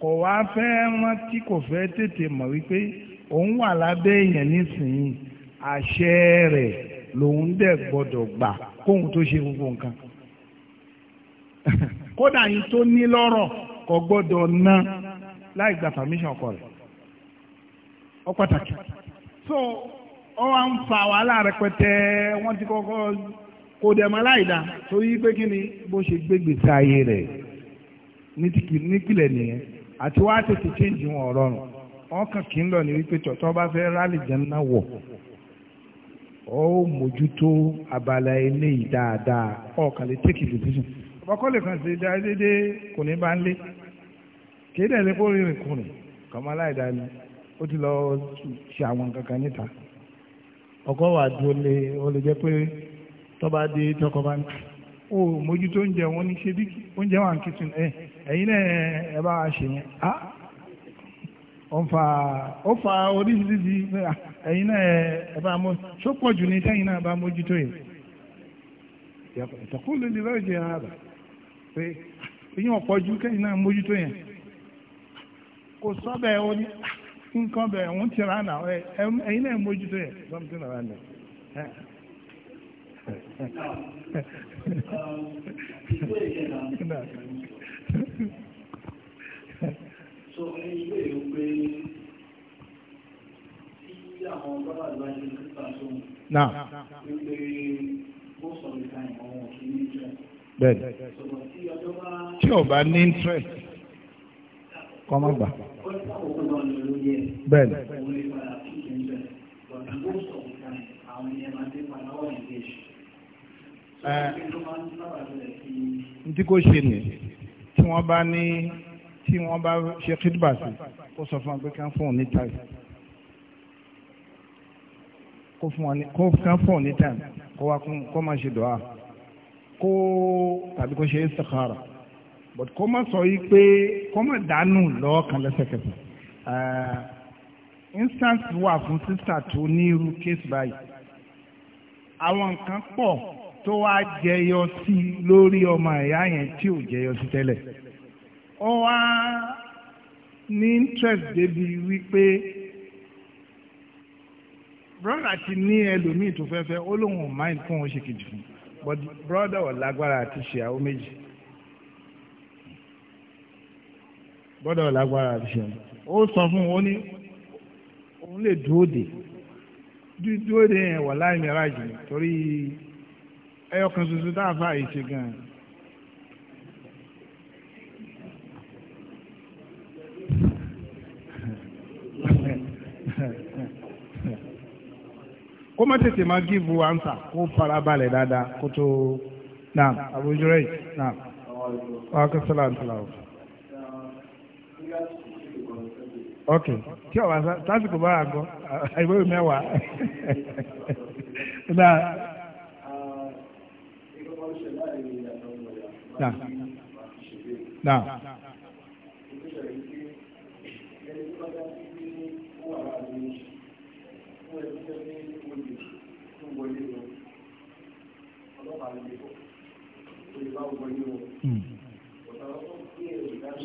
kò wá fẹ́ wọn tí kò fẹ́ tètè mọ̀ wípé òun wà lábẹ́ èèyàn nísìnyí àṣẹ rẹ̀ lòun dẹ̀ gbọ́dọ̀ gbà kóhun tó ṣe gbogbo nǹkan kódà yìí tó ní lọ́rọ̀ kò gbọ́dọ̀ ná láì gba permission ọkọ rẹ̀ ọ pàtàkì so ọ wá ń fa wàhálà rẹpẹtẹ wọn ti kọ́kọ́ kò dẹ̀ mọ́ láì dá torí pé kí ni bó ṣe gbégbèsè ayé rẹ̀ nípìnlẹ̀ nìyẹn àti wá tètè change wọn ọ̀rọ̀rùn wọn kàn kí ń lọ ní wípé tọ̀tọ̀ bá fẹ́ rálì jẹ́nà wọ̀ ó mójútó abala eléyìí dáadáa ọ̀kan lè take it decision ọkọ lè kàn sí déédéé kò ní bá ń lé kì í dẹ̀ lé kó rìnrìn kùnrin kàmá aláìdáa ni ó ti lọ ṣe àwọn nǹkan níta ọkọ wà dúró lé ó lè jẹ́ pé tọ́ba dé tọkọ bá ń kà ó mójútó oúnjẹ wọn ní ṣe bí oúnjẹ wà ń kí tun ẹ̀. ẹ̀yin náà ẹ bá a ṣe yẹn á ah, ó fa ó fa oríṣiríṣi ah, ẹ̀yin náà ẹ bá mọ ṣó pọ̀ jù ní tẹ́yìn náà bá mójútó yẹn ìtọ́kùn ló lè lọ́ọ́ jẹ ara pé ẹ̀yin ọ̀pọ̀ jù kẹ́yìn náà mójútó yẹn kò sọ́bẹ̀ ó ní ah, nǹkan bẹ̀ ń tira nà ẹ̀yin náà mójútó yẹn something around there. so ní ilé ìlú pé tí àwọn bàbá àgbà ṣe ń kíkà tó ń pé ó sọ nípa ìmọ̀ wọn kì í ní ìjọ. bẹ́ẹ̀ni tí o bá ní interest kọ́ má gbà. bẹ́ẹ̀ni. ẹ ǹtí kò ṣe nìyẹn tí wọ́n bá ní tí wọ́n bá ṣe kídùbà sí kó sọ fún wọn pé kí wọ́n fún òun ní táì kó fún wọn ní kó kán fún òun ní táì kó wá kún kó má ṣe dọ́à kó tàbí kó ṣe é sàkárà but kó má sọ yìí pé kó má dànù lọ́ọ̀kan lẹ́sẹ̀kẹsẹ̀ eh, instance wà fún sísà tó ní irú case báyìí àwọn nǹkan pọ̀ tó wá jẹyọ sí lórí ọmọ ìyá yẹn tí ò jẹyọ sí tẹ́lẹ̀ ó wá ní interest débi wípé brother ti ní ẹlòmíì tó fẹ́fẹ́ ó lóun ò máa fún wọn ṣe kejì fún but brother ò lágbára àti ṣe àwọn méjì brother ò lágbára àti ṣe ó sọ fún wọn ó ní òun lè dúró dè dúró dè yẹn wà láì mìíràn jù torí ẹyọkan ṣoṣo tá a fà yìí ṣe gan. kó má tètè máa gíìbù ansa kó fara balẹ̀ dáadáa kó tó naam àbújọ rẹ̀ naam wàhálà ṣọlá ok tí ọ̀wá sásìkò bá àgọ́ àìbọ̀wé mẹ́wàá. náà náà.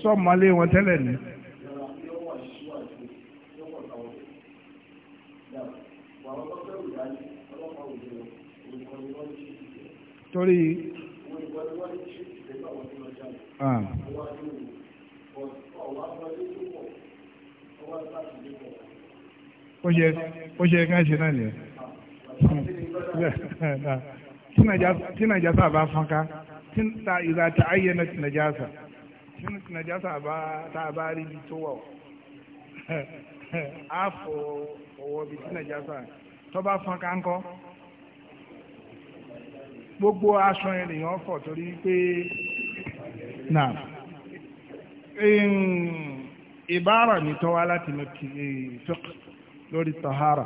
sọ́mọlé wọn tẹ́lẹ̀ ni. torí Ah. ó ṣe kán ṣe náà nìyẹn tí nàjásà bá fọ́nká ìgbà tá ayé na tí nàjásà tí nàjásà tá a bá rí ibi tó wà á fọ ọwọ́ bí tí nàjásà tó bá fọ́nká ńkọ́ gbogbo aṣọ ènìyàn fọ̀ torí pé náà ìbára ibara tó wá láti ní eh, fiqh lori tahara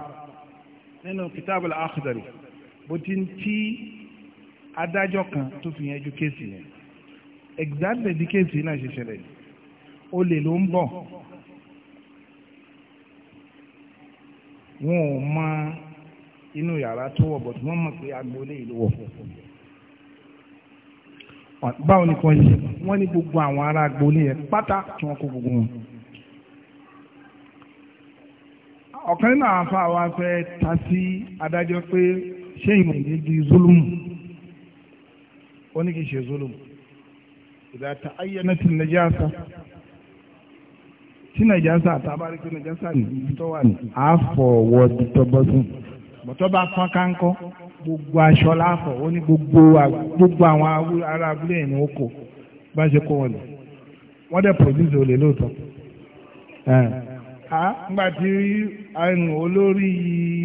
nínú kitab al-Akhdari bó ti ń tí adájọ́ kan tó fi yanjú kéèsì yẹn exactly bí kéèsì náà ṣe ṣẹlẹ̀ yìí olè ló ń bọ̀ wọn ò mọ inú yàrá tó wọ̀ bọ̀ tí wọ́n mọ̀ pé agboolé ìlú wọ̀ fọ̀fọ̀ báwo ni kò ń ṣe wọ́n ní gbogbo àwọn ará agboolé yẹn pátá tí wọ́n kó gbogbo wọn. ọ̀kan nínú àwọn afa wa fẹ́ ta sí adájọ́ pé ṣé ìmọ̀ ní di zulumu ó ní kì í ṣe zulumu ìdá ta ayyana ti najasa tí najasa àtàbárí pé najasa ní ibi tó wà ní àfọwọ́ bọ́tọ́ bá fọ́n kánkọ́. gbogbo aṣọ láàfọ̀ ó ní gbogbo gbogbo àwọn ará abúlé ẹ̀ ní oko bá ṣe kó wọn lọ wọ́n dẹ̀ olè lóòótọ́ nígbà tí olórí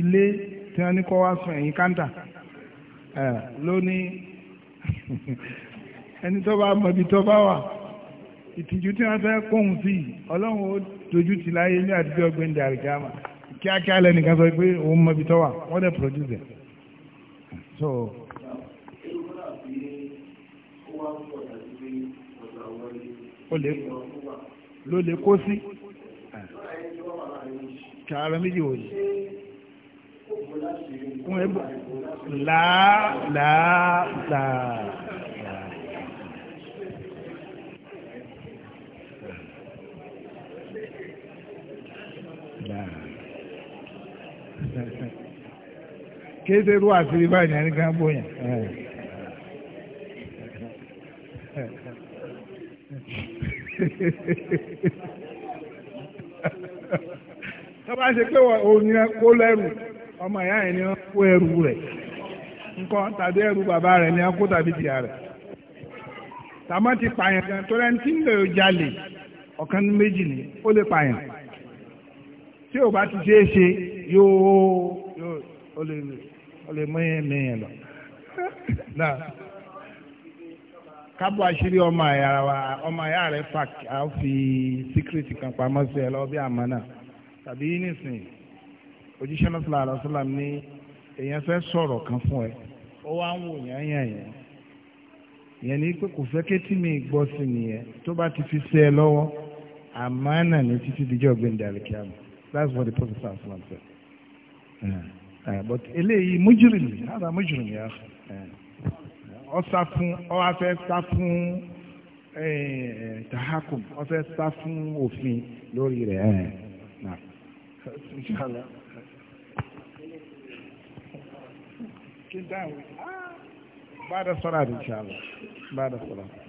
ilé tí wọ́n ní kọ́ wá ẹ̀yìn kántà ló ní ẹni tó bá wà so. o lè ló lè kó sí kàrọ méjì wò ni láà kìí ṣe irú àṣírí báyìí ní kan bóyàn. tọ́ba ṣe pé òun ni kó lẹ́rù ọmọ ìyá ẹ̀ ni wọ́n kó ẹrù rẹ̀ nǹkan tàbí ẹrù bàbá rẹ̀ ni wọ́n kó tàbí tìyà rẹ̀ tàmọ́ ti pààyàn gan tó rẹ́ni tí ń lè jalè ọ̀kan ní méjì ni ó lè pààyàn tí ò bá ti ṣeé ṣe yóò ó lè rè ó mọ yẹn mẹyẹn lọ náà kábọ àṣírí ọmọ àyà wa ọmọ àyà rẹ fà á fi síkírìtì kan pamọ́ sí ẹ lọ́wọ́ bí àmọ́ náà tàbí nísìnyí òjíṣẹ́ náà sọ̀rọ̀ àlọ́ ní èèyàn fẹ́ sọ̀rọ̀ kan fún ẹ ó wá ń wò yán yàn yẹn ìyẹn ni pé kò fẹ́ kétí mi gbọ́ sí nìyẹn tó bá ti fi sí ẹ lọ́wọ́ àmọ́ náà ní títí díjọ́ gbẹ̀ndàlẹ́kíá mi that's what the prophet sallam said. Eh, but eléyìí mújúrìmì hàdà mújúrìmì yà ọ sá fún ọ wá fẹ́ sá fún eh, tahakum ọ fẹ́ sá fún òfin lórí rẹ̀ eh,